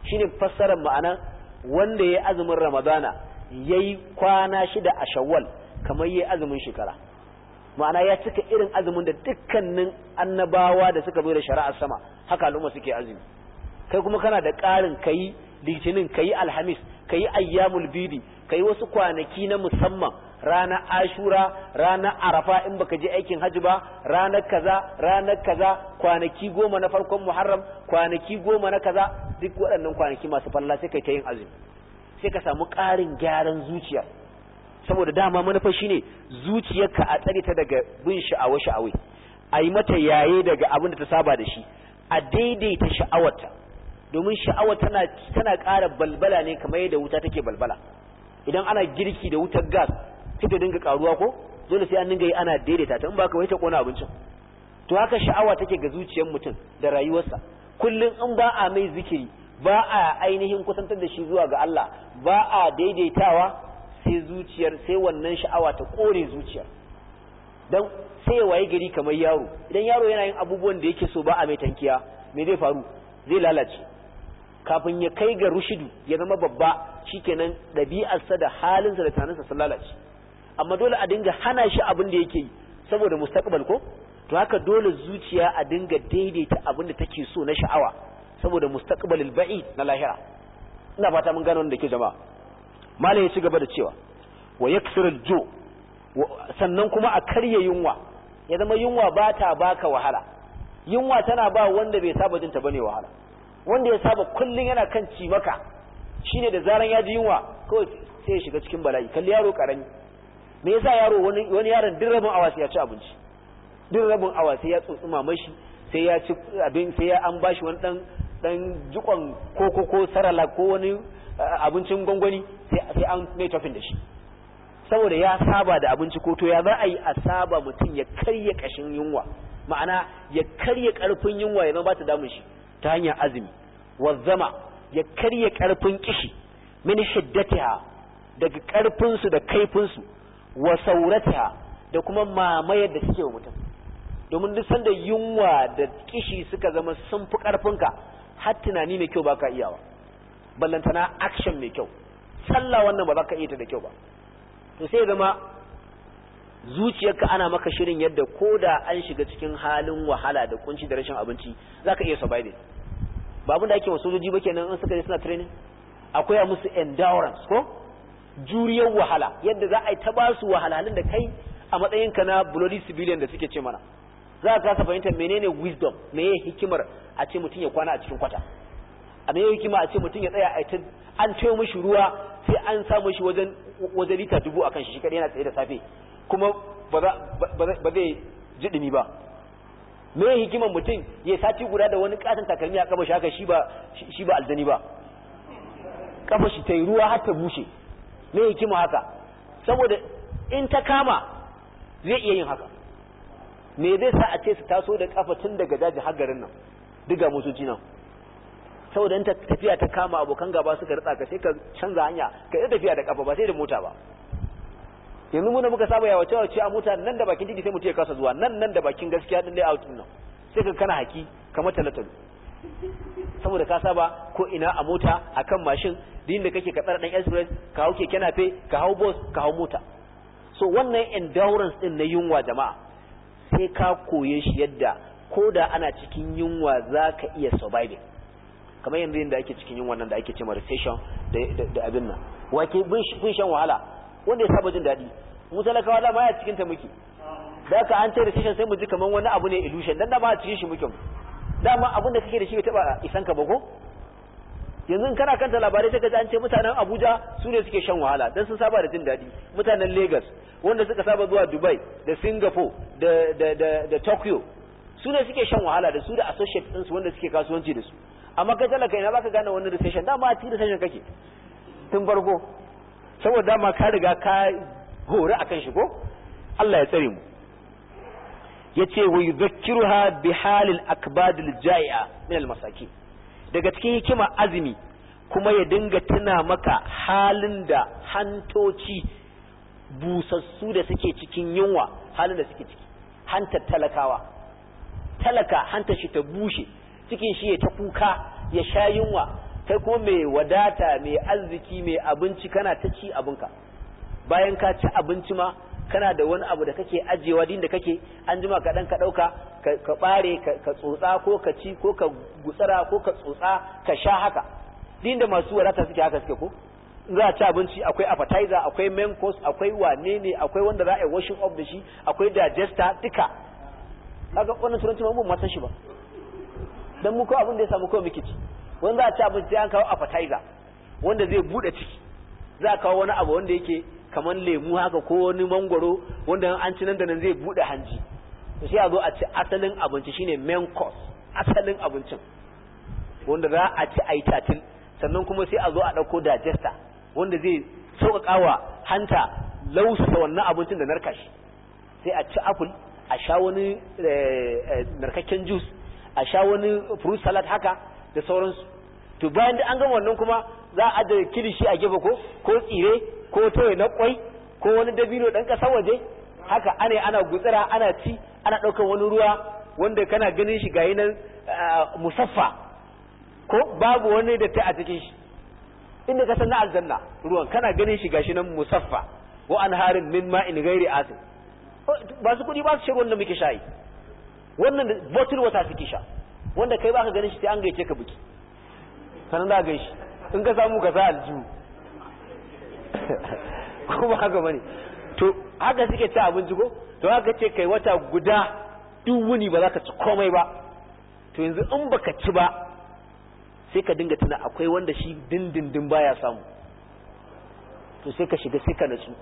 shine fassarar ma'ana wanda yayi azumin ramadana yayi kwana shida a shawwal kamar yayi azumin shekara ma'ana ya cika irin azumin da dukkanin annabawa da suka zo da shari'ar sama haka al'umma suke azumi kai kuma kana da ƙarin kayi litinin kayi alhamis kayi ayyamul bidi kayi wasu kwanaki na musamman rana ashura rana arafa in baka je aikin hajji ba ranar kaza ranar kaza kwanaki goma na farkon muharram kwanaki goma na kaza duk waɗannan kwanaki masu falla sai kai ta yin azumi sai ka samu ƙarin gyaran zuciya saboda dama manufa shine zuciyarka a tsare ta daga bin sha'awa sha'awai a yi mata yaye daga abin da ta saba da shi a daidaita sha'awata, domin sha'awa tana tana ƙara balbala ne kamar yadda wuta take balbala idan ana girki da wutar gas sai ta dinga karuwa ko dole sai an dinga yi ana daidaita ta in ba ka wai ta kona abincin to haka sha'awa take ga zuciyar mutum da rayuwarsa kullum in ba a mai zikiri ba a ainihin kusantar da shi zuwa ga Allah ba a daidaitawa sai zuciyar sai wannan sha'awa ta kore zuciyar dan sai ya waye gari kamar yaro idan yaro yana yin abubuwan da yake so ba a mai tankiya me zai faru zai lalace kafin ya kai ga rushidu ya zama babba shikenan sa da halinsa da sa sun lalace amma dole a dinga hana shi abin da yake yi saboda mustaqbal ko to haka dole zuciya a dinga daidaita abin da take so na sha'awa saboda mustaqbalil ba'id na lahira ina fata mun gano wanda ke jama'a malai ya ci gaba da cewa wa yaksirul ju sannan kuma a karya yunwa ya zama yunwa ba ta baka wahala yunwa tana ba wanda bai saba jinta bane wahala wanda ya saba kullun yana kan cimaka shine da zaran ya ji yunwa kawai sai ya shiga cikin bala'i kalli yaro karami me yasa yaro wani yaron duk rabin awa sai ya ci abinci duk rabin awa sai ya tsotsi mamashi sai ya ci abin sai ya an bashi wani dan dan jikon ko ko ko sarala ko wani eh, abincin gwangwani sai an mai tafin da shi saboda ya saba da abinci ko to ya za a yi a saba mutum ya karya kashin yunwa ma'ana ya karya karfin yunwa ya zama ba ta damun shi ta hanyar azumi wa zama ya karya karfin kishi min shiddatiha daga karfin da kaifinsu su wa sauratiha da kuma mamayar da suke wa mutum domin duk sanda yunwa da kishi suka zama sun fi karfinka har tunani mai kyau ba ka iyawa ballantana action mai kyau sallah wannan ba za ka iya ta da kyau ba to sai zama zuciyarka ana maka shirin yadda ko da an shiga cikin halin wahala da kunci da rashin abinci za ka iya surviving ba abin da ake wasu sojoji ba kenan in suka je suna training akwai a musu endurance ko juriyar wahala yadda za a yi ta basu wahalhalun da kai a matsayinka na bloody civilian da suke ce mana za ka fahimta fahimtar menene wisdom meye hikimar a ce mutum ya kwana a cikin kwata a mai hikima a ce mutum ya tsaya a tun an ce mashi ruwa sai an samu shi wajen wajen lita dubu a kan shi shekaru yana tsaye da safe kuma ba zai ji dumi ba me hikiman mutum ya sati guda da wani katon takalmi a kafa shi haka shi ba shi ba aljani ba kafa shi ta yi ruwa har ta bushe me hikima haka saboda in ta kama zai iya yin haka me zai sa a ce su taso da kafa tun daga daji har garin nan diga musu nan saboda in tafiya ta kama abokan gaba suka ritsa ka sai ka canza hanya ka yi tafiya da kafa ba sai da mota ba yanzu muna muka saba yawa cewa a mota nan da bakin jiki sai mutum ya kasa zuwa nan nan da bakin gaskiya din layout din nan sai ka kana haki kamar talatalo saboda ka saba ko ina a mota akan mashin din da kake ka tsara dan express ka hau keke nafe ka hau bus ka hau mota so wannan endurance din na yunwa jama'a sai ka koye shi yadda ko da ana cikin yunwa za ka iya surviving kamar yanzu yadda ake cikin yin wannan da ake cewa recession da abin nan wake kun shan wahala wanda ya saba jin daɗi mu talakawa da ma ya cikin ta muke da ka an ce recession sai mu ji kamar wani abu ne illusion dan da ba a cikin shi muke dama abin da kake da shi bai taba isan ka ba ko yanzu in kana kanta labarai sai ka ji an ce mutanen Abuja su ne suke shan wahala dan sun saba da jin daɗi mutanen Lagos wanda suka saba zuwa Dubai da Singapore da da da, da Tokyo su ne suke shan wahala da su da associate ɗinsu wanda suke kasuwanci da su amma kai talaka ina ka gane wani recession dama a cikin recession kake tun farko saboda dama ka riga ka hori akan shi ko Allah ya tsare mu Ya ce wa yudhakkiruha bi halin akbadil ja'i'a min masaki daga cikin hikima azumi kuma ya dinga tuna maka halin da hantoci busassu da suke cikin yunwa halin da suke ciki hantar talakawa talaka hantar shi ta bushe cikin shi ya ta kuka ya sha yunwa kai kuma mai wadata mai arziki mai abinci kana ta ci abinka bayan ka ci abinci ma kana da wani abu da kake ajiyewa din da kake an jima ka dan ka dauka ka bare ka tsotsa ko ka ci ko ka gutsara ko ka tsotsa ka sha haka din da masu wadata suke haka suke ko za a ci abinci akwai appetizer akwai main course akwai wane ne akwai wanda za a yi washing up da shi akwai digester duka kaga wannan turanci ma mun ma san shi ba dan mu ko abin da ya samu kawai miki ci wanda za a ci abinci an kawo appetizer wanda zai bude ciki za a kawo wani abu wanda yake kamar lemu haka ko wani mangoro wanda an ci nan da nan zai bude hanji to sai a zo a ci asalin abinci shine main course asalin abincin wanda za a ci ai tatil sannan kuma sai a zo a dauko digester wanda zai sauƙaƙa wa hanta lausa wannan abincin da narka shi sai a ci apple a sha wani eh, eh, narkakken juice a sha wani fruit salad haka da sauransu to bayan da an gama wannan kuma za a da kilishi a gefe ko ko tsire ko toye na kwai ko wani dabino dan kasa waje haka ana ana gutsira ana ci ana ɗaukar wani ruwa wanda kana ganin shi gayi nan ah, musaffa ko babu wani da ta a cikin shi inda ka san na aljanna ruwan kana ganin shi gashi nan musaffa wa anharin min ma'in ghairi asin ba su kudi ba su shigo da muke shayi wannan botin wata suke sha wanda kai baka ganin shi sai an gaice ka biki sanan za shi in ka samu ka sa aljihu kuma haka bane to haka suke ci abinci ko to haka ce kai wata guda duk wuni ba za ka ci komai ba to yanzu in baka ci ba sai ka dinga tuna akwai wanda shi dindindin baya samu to sai ka shiga sai ka nasu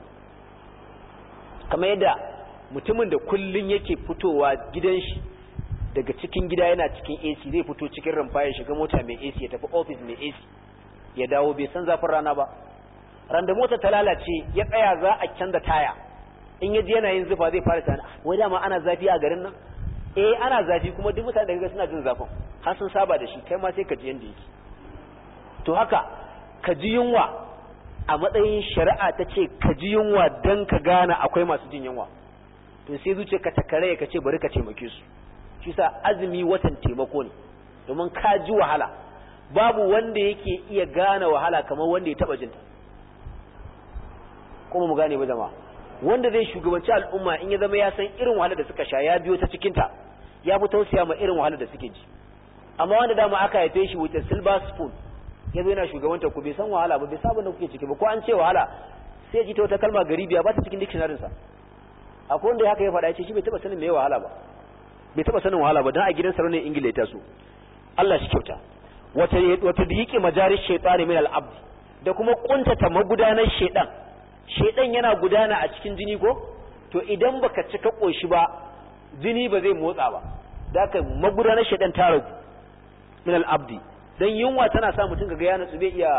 kamar yadda mutumin da kullun yake fitowa gidan shi daga cikin gida yana cikin AC zai fito cikin rumfa ya shiga mota mai AC ya tafi office mai AC ya dawo bai san zafin rana ba randa mota ta lalace ya tsaya za a canza taya in yaji yana yin zufa zai fara tana ah, wai dama ana zafi a garin nan eh ana zafi kuma duk mutane daga suna jin zafin har sun saba da shi kai ma sai ka ji yanda yake to haka ka ji yunwa a matsayin shari'a ta ce ka ji yunwa don ka gane akwai masu jin yunwa to sai zuciya ka takare ka ce bari ka taimake su shi sa azumi watan taimako ne domin ka ji wahala babu wanda yake iya gane wahala kamar wanda ya taba jinta kuma mu gane ba jama'a wanda zai shugabanci al'umma in ya zama ya san irin wahala da suka sha ya biyo ta cikin ta ya fi tausaya ma irin wahala da suke ji amma wanda dama aka haife shi wuce silver spoon ya zo yana shugabanta ku bai san wahala ba bai saba na kuke ciki ba ko an ce wahala sai ji ta wata kalma garibiya ba ta cikin dictionary sa akwai wanda haka ya faɗa ce shi bai taba sanin me wahala ba bai taba sanin wahala ba dan a gidan sarauniyar ingila ta so Allah shi kyauta wata wata diqi majaris shaytani min al da kuma kuntata magudanar shaydan shaydan yana gudana a cikin jini ko to idan baka cika koshi ba jini ba zai motsa ba da ka magudanar shaydan ta ragu min al-abd dan yunwa tana sa mutum ka gaya natsu bai iya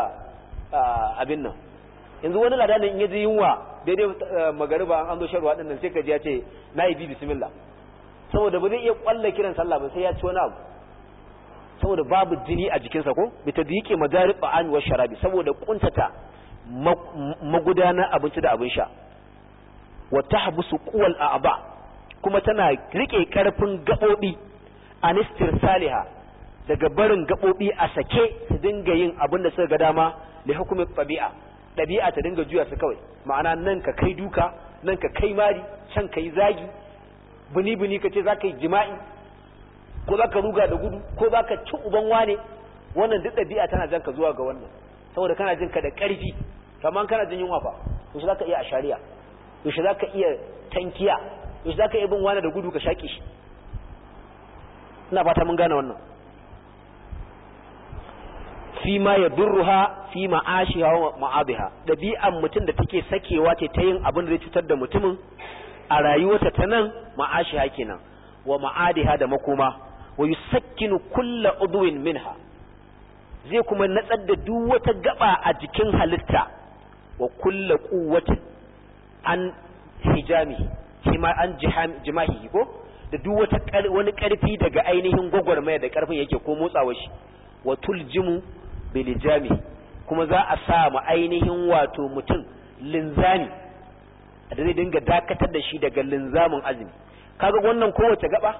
ah, abin nan yanzu wani ladan in ya ji yunwa daidai eh, magariba an zo shan dinnan sai kaji ya ce na yi bi bismillah saboda ba iya kwalla kiran sallah ba sai ya ci wani abu saboda babu jini a jikin sa ko bi ta dike madarib ba'an wa sharabi saboda kuntata magudana abinci da abin sha wa tahbusu quwal a'ba kuma tana rike karfin gabobi anistir saliha daga barin gabobi a sake su dinga yin abin da suka ga dama li hukumi tabi'a ɗabi'a ta dinga juya su kawai ma'ana nan ka kai duka nan ka kai mari can ka yi zagi bini bini ka ce za ka yi jima'i ko za ka ruga da gudu ko za ka ci uban wane wannan duk ɗabi'a tana jan ka zuwa ga wannan saboda kana jin ka da ƙarfi kamar kana jin yunwa fa yaushe za ka iya ashariya yaushe za ka iya tankiya yaushe za ka iya bin wane da gudu ka shaƙe shi ina fata mun gane wannan fi ma ya durruha fi ma wa ma'abiha ɗabi'an mutum da take sakewa ce ta yin abin da zai cutar da mutumin a rayuwarsa ta nan ma'ashiha kenan wa ma'adiha da makoma wa yusakkinu kulla udwin minha zai kuma natsar da duk wata gaba a jikin halitta wa kulla quwwatin an hijami hima an jimahi ko da duk wani karfi daga ainihin gwagwarmaya da karfin yake ko motsawa shi wa tuljimu bilijami kuma za a sa ma ainihin wato mutum linzami da zai dinga dakatar da shi daga linzamin azumi kaga wannan kowace gaba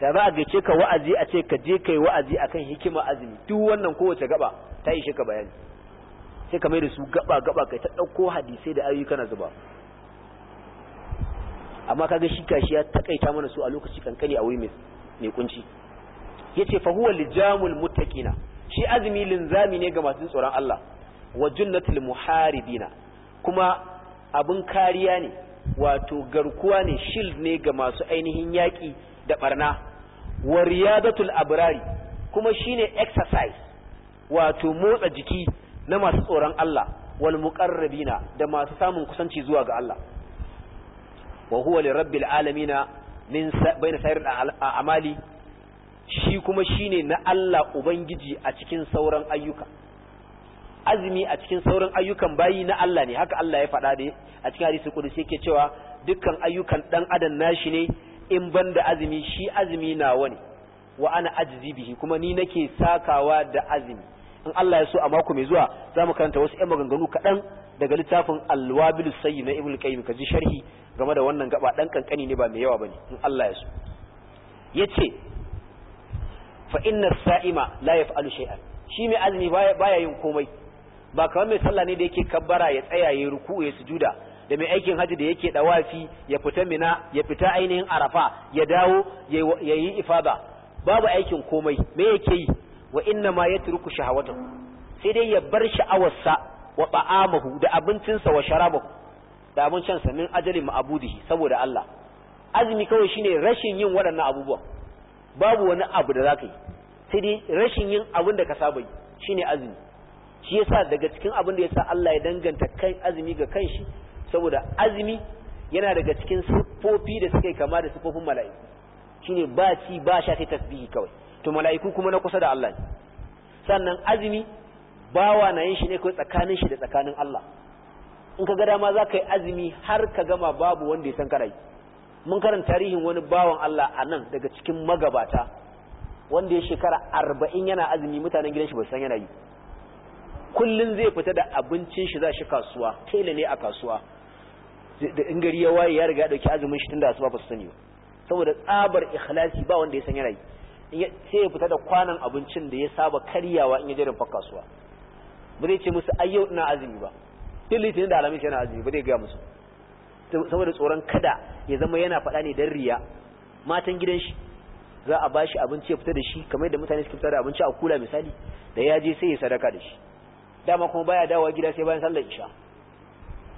da za a gaice ka wa'azi a ce ka je kai wa'azi akan hikima azumi duk wannan kowace gaba ta ishe ka bayani sai ka mai da su gaba gaba kai ta ɗauko hadisai da ayyuka na zuba amma kaga shi kashi ya takaita mana su a lokaci kankani a wuri mai kunci yace fa huwa lijamul muttaqina shi azumi linzami ne ga masu tsoron Allah wa jullatul muharibina kuma abin kariya ne wato garkuwa ne shield ne ga masu ainihin yaƙi da barna wa riyadatul abrari kuma shine exercise wato motsa jiki na masu tsoron Allah wal muqarrabina da masu samun kusanci zuwa ga Allah wa huwa lirabbil alamin min bayna sairil a'mali shi kuma shine na Allah ubangiji a cikin sauran ayyuka azumi a cikin sauran ayyukan bayi na Allah ne haka Allah ya faɗa da a cikin hadisi kudusi yake cewa dukkan ayyukan ɗan adam nashi ne in ban da azumi shi azumi na wani wa ana ajzi bihi kuma ni nake sakawa da azumi in Allah ya so a mako mai zuwa za mu karanta wasu ƴan maganganu kaɗan daga littafin alwabilu sayyi na ibnu qayyim ji sharhi game da wannan gaba dan kankani ne ba mai yawa bane in Allah ya so yace fa inna sa'ima la yaf'alu shay'an shi mai azumi baya yin komai ba kamar mai sallah ne da yake kabbara ya tsaya ya ruku ya sujuda da mai aikin haji da yake dawafi ya fita mina ya fita ainihin arafa ya dawo ya yi ifada babu aikin komai me yake yi wa inna ma yatruku shahawatahu sai dai ya bar sha'awarsa wa ba'amahu da abincinsa wa sharabahu da abincinsa min ajalin ma'abudihi saboda Allah azumi kawai shine rashin yin waɗannan abubuwa babu wani abu da zaka yi sai dai rashin yin abin da ka saba yi shine azumi shi yasa daga cikin abin da sa Allah ya danganta kan azumi ga kanshi saboda azumi yana daga cikin siffofi da suka kama da siffofin mala'iku shine ba ci ba sha sai tasbihi kawai to mala'iku kuma na kusa da Allah ne sannan azumi bawa na yin shi ne kai tsakanin shi da tsakanin Allah in ka ga dama za ka yi azumi har ka gama babu wanda ya san kana yi mun karanta tarihin wani bawan Allah a nan daga cikin magabata wanda ya shekara arba'in yana azumi mutanen gidan shi ba san yana yi kullum zai fita da abincin shi za shi kasuwa tela ne a kasuwa da in gari ya waye ya riga ya dauki azumin shi tunda asuba ba su sani ba saboda tsabar ikhlasi ba wanda ya san yana yi sai ya fita da kwanan abincin da ya saba karyawa in ya je fakka kasuwa ba zai ce musu ayyau ina azumi ba duk litinin da shi yana azumi ba zai gaya musu saboda tsoron kada ya zama yana faɗa ne dan riya matan gidan shi za a bashi abinci ya fita da shi kamar yadda mutane suke fita da abinci a kula misali da ya je sai ya sadaka da shi dama kuma baya dawowa gida sai bayan sallar isha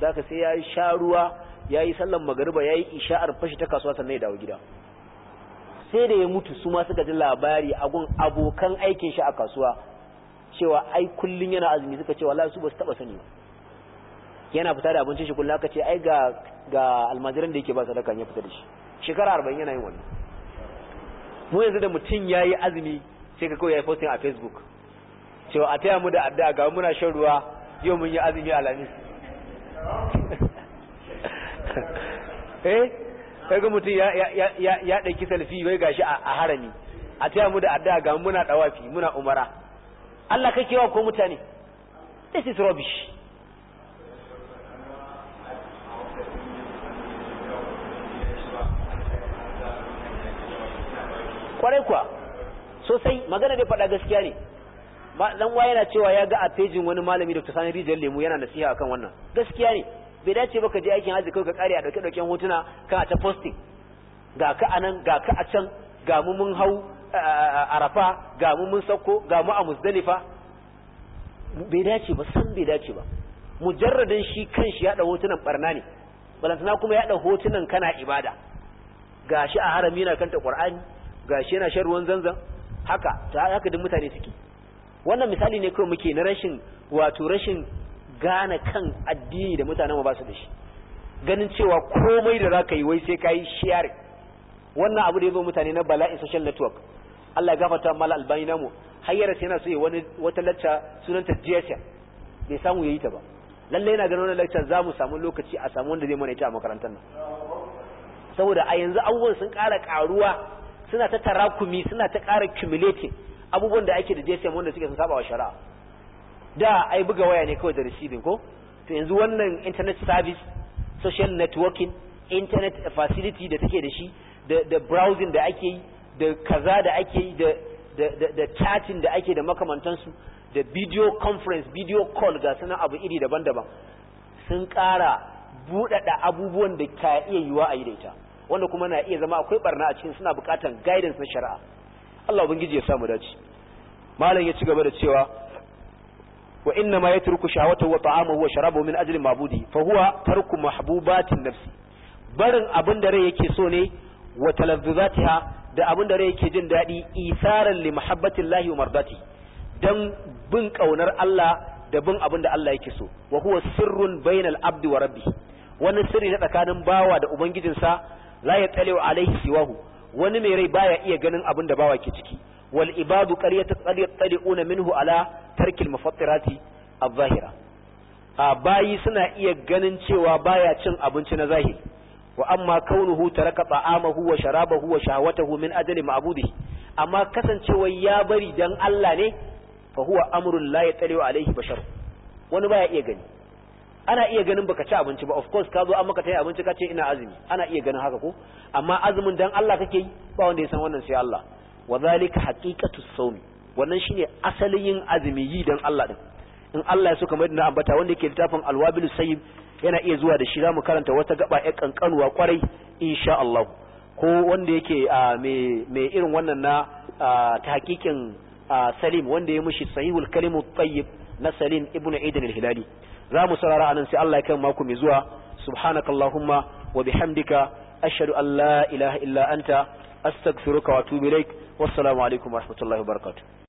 zaka sai ya sha ruwa ya yi sallar magariba ya yi isha'ar fashi ta kasuwa sannan ya dawo gida sai da ya mutu su ma suka ji labari a gun abokan aikin shi a kasuwa cewa ai kullun yana azumi suka cewa wallahi su ba su taba sani ba yana fita da abincin shi kullum aka ce ai ga ga almajiran da yake ba sadaka ya fita da shi shekara arba'in yana yin wani mu yanzu da mutum ya yi azumi sai ka koyi ya yi posting a facebook cewa a taya mu da addu'a ga muna shan ruwa yau mun yi azumi lamis eh sai mutum ya ya ya ya dauki selfie wai gashi a harami a taya mu da addu'a ga muna dawafi muna umara Allah kake wa ko mutane this is rubbish kwarai kuwa sosai magana dai faɗa gaskiya ne dan waye yana cewa ya ga a pejin wani malami Dr. Sani Rijal Lemu yana nasiha akan wannan gaskiya ne bai dace ba ka je aikin haji kai ka kare a dauke dauken hotuna ka ta posting ga ka anan ga ka a can ga mu mun hau arafa ga mu mun sako ga mu a muzdalifa bai dace ba san bai dace ba mujarradin shi kanshi ya da hotunan barna ne balantana kuma ya da hotunan kana ibada gashi a harami na kanta qur'ani gashi yana shan ruwan zanzan haka ta haka duk mutane suke wannan misali ne kawai muke na rashin wato rashin gane kan addini da mutanen ba su da shi ganin cewa komai da zaka yi wai sai ka yi share wannan abu da ya zo mutane na bala'in social network Allah ya gafarta mala albani namu hayyara sai yana so ya wani wata lacca sunanta GSM bai samu yayi ta ba lalle yana ganin wannan lacca za mu samu lokaci a samu wanda zai mana ita a makarantar nan saboda a yanzu abubuwan sun ƙara ƙaruwa suna ta tarakumi suna ta ƙara cumulating abubuwan da ake da GSM wanda suke sun saba wa shari'a da ai buga waya ne kawai da receiving ko to yanzu wannan internet service social networking internet facility da take da shi da browsing da ake yi da kaza da ake yi da chatting da ake da makamantansu da video conference video call ga suna abu iri daban-daban sun ƙara buɗaɗa abubuwan da ka iya yiwa a yi da ita wanda kuma na iya zama akwai barna a cikin suna bukatan guidance na shari'a Allah ubangiji ya samu dace malam ya ci gaba da cewa wa inna ma yatruku shahwatahu wa ta'amahu wa sharabahu min ajli mabudi fa huwa tarku mahbubatin nafsi barin abin da rai yake so ne wa talazzuzatiha da abin da rai yake jin dadi isaran li mahabbatillahi wa mardati dan bin kaunar Allah da bin abin da Allah yake so wa huwa sirrun bainal abdi wa rabbi wani sirri na tsakanin bawa da ubangijinsa la wa alaihi siwahu wani mai rai baya iya ganin abin da bawa ke ciki wal ibadu qaryataliuna minhu ala tarkil mufattirati adh-dhahira a bayi suna iya ganin cewa baya cin abinci na zahiri wa amma kaunuhu taraka ta'amahu wa sharabahu wa shahwatahu min ajli ma'budihi amma kasancewar ya bari dan Allah ne fa huwa amrun la wa alaihi bashar wani baya iya gani ana iya ganin baka ci abinci ba of course ka zo an maka tayi abinci ka ce ina azumi ana iya ganin haka ko amma azumin dan Allah kake yi ba wanda ya san wannan sai Allah wa zalika haqiqatu wannan shine asalin yin azumi yi dan Allah din in Allah ya so kamar na ambata wanda yake littafin alwabilus sayyib yana iya zuwa da shi zamu karanta wata gaba ya kankanuwa kwarai insha Allah ko wanda yake mai irin wannan na ta hakikin salim wanda ya mushi sahihul kalimut tayyib na salim ibnu aidan al-hilali za mu saurara anan sai Allah ya kai mako mai zuwa subhanakallahumma wa bihamdika ashhadu an la ilaha illa anta astaghfiruka wa atubu ilaik wassalamu alaikum warahmatullahi wabarakatuh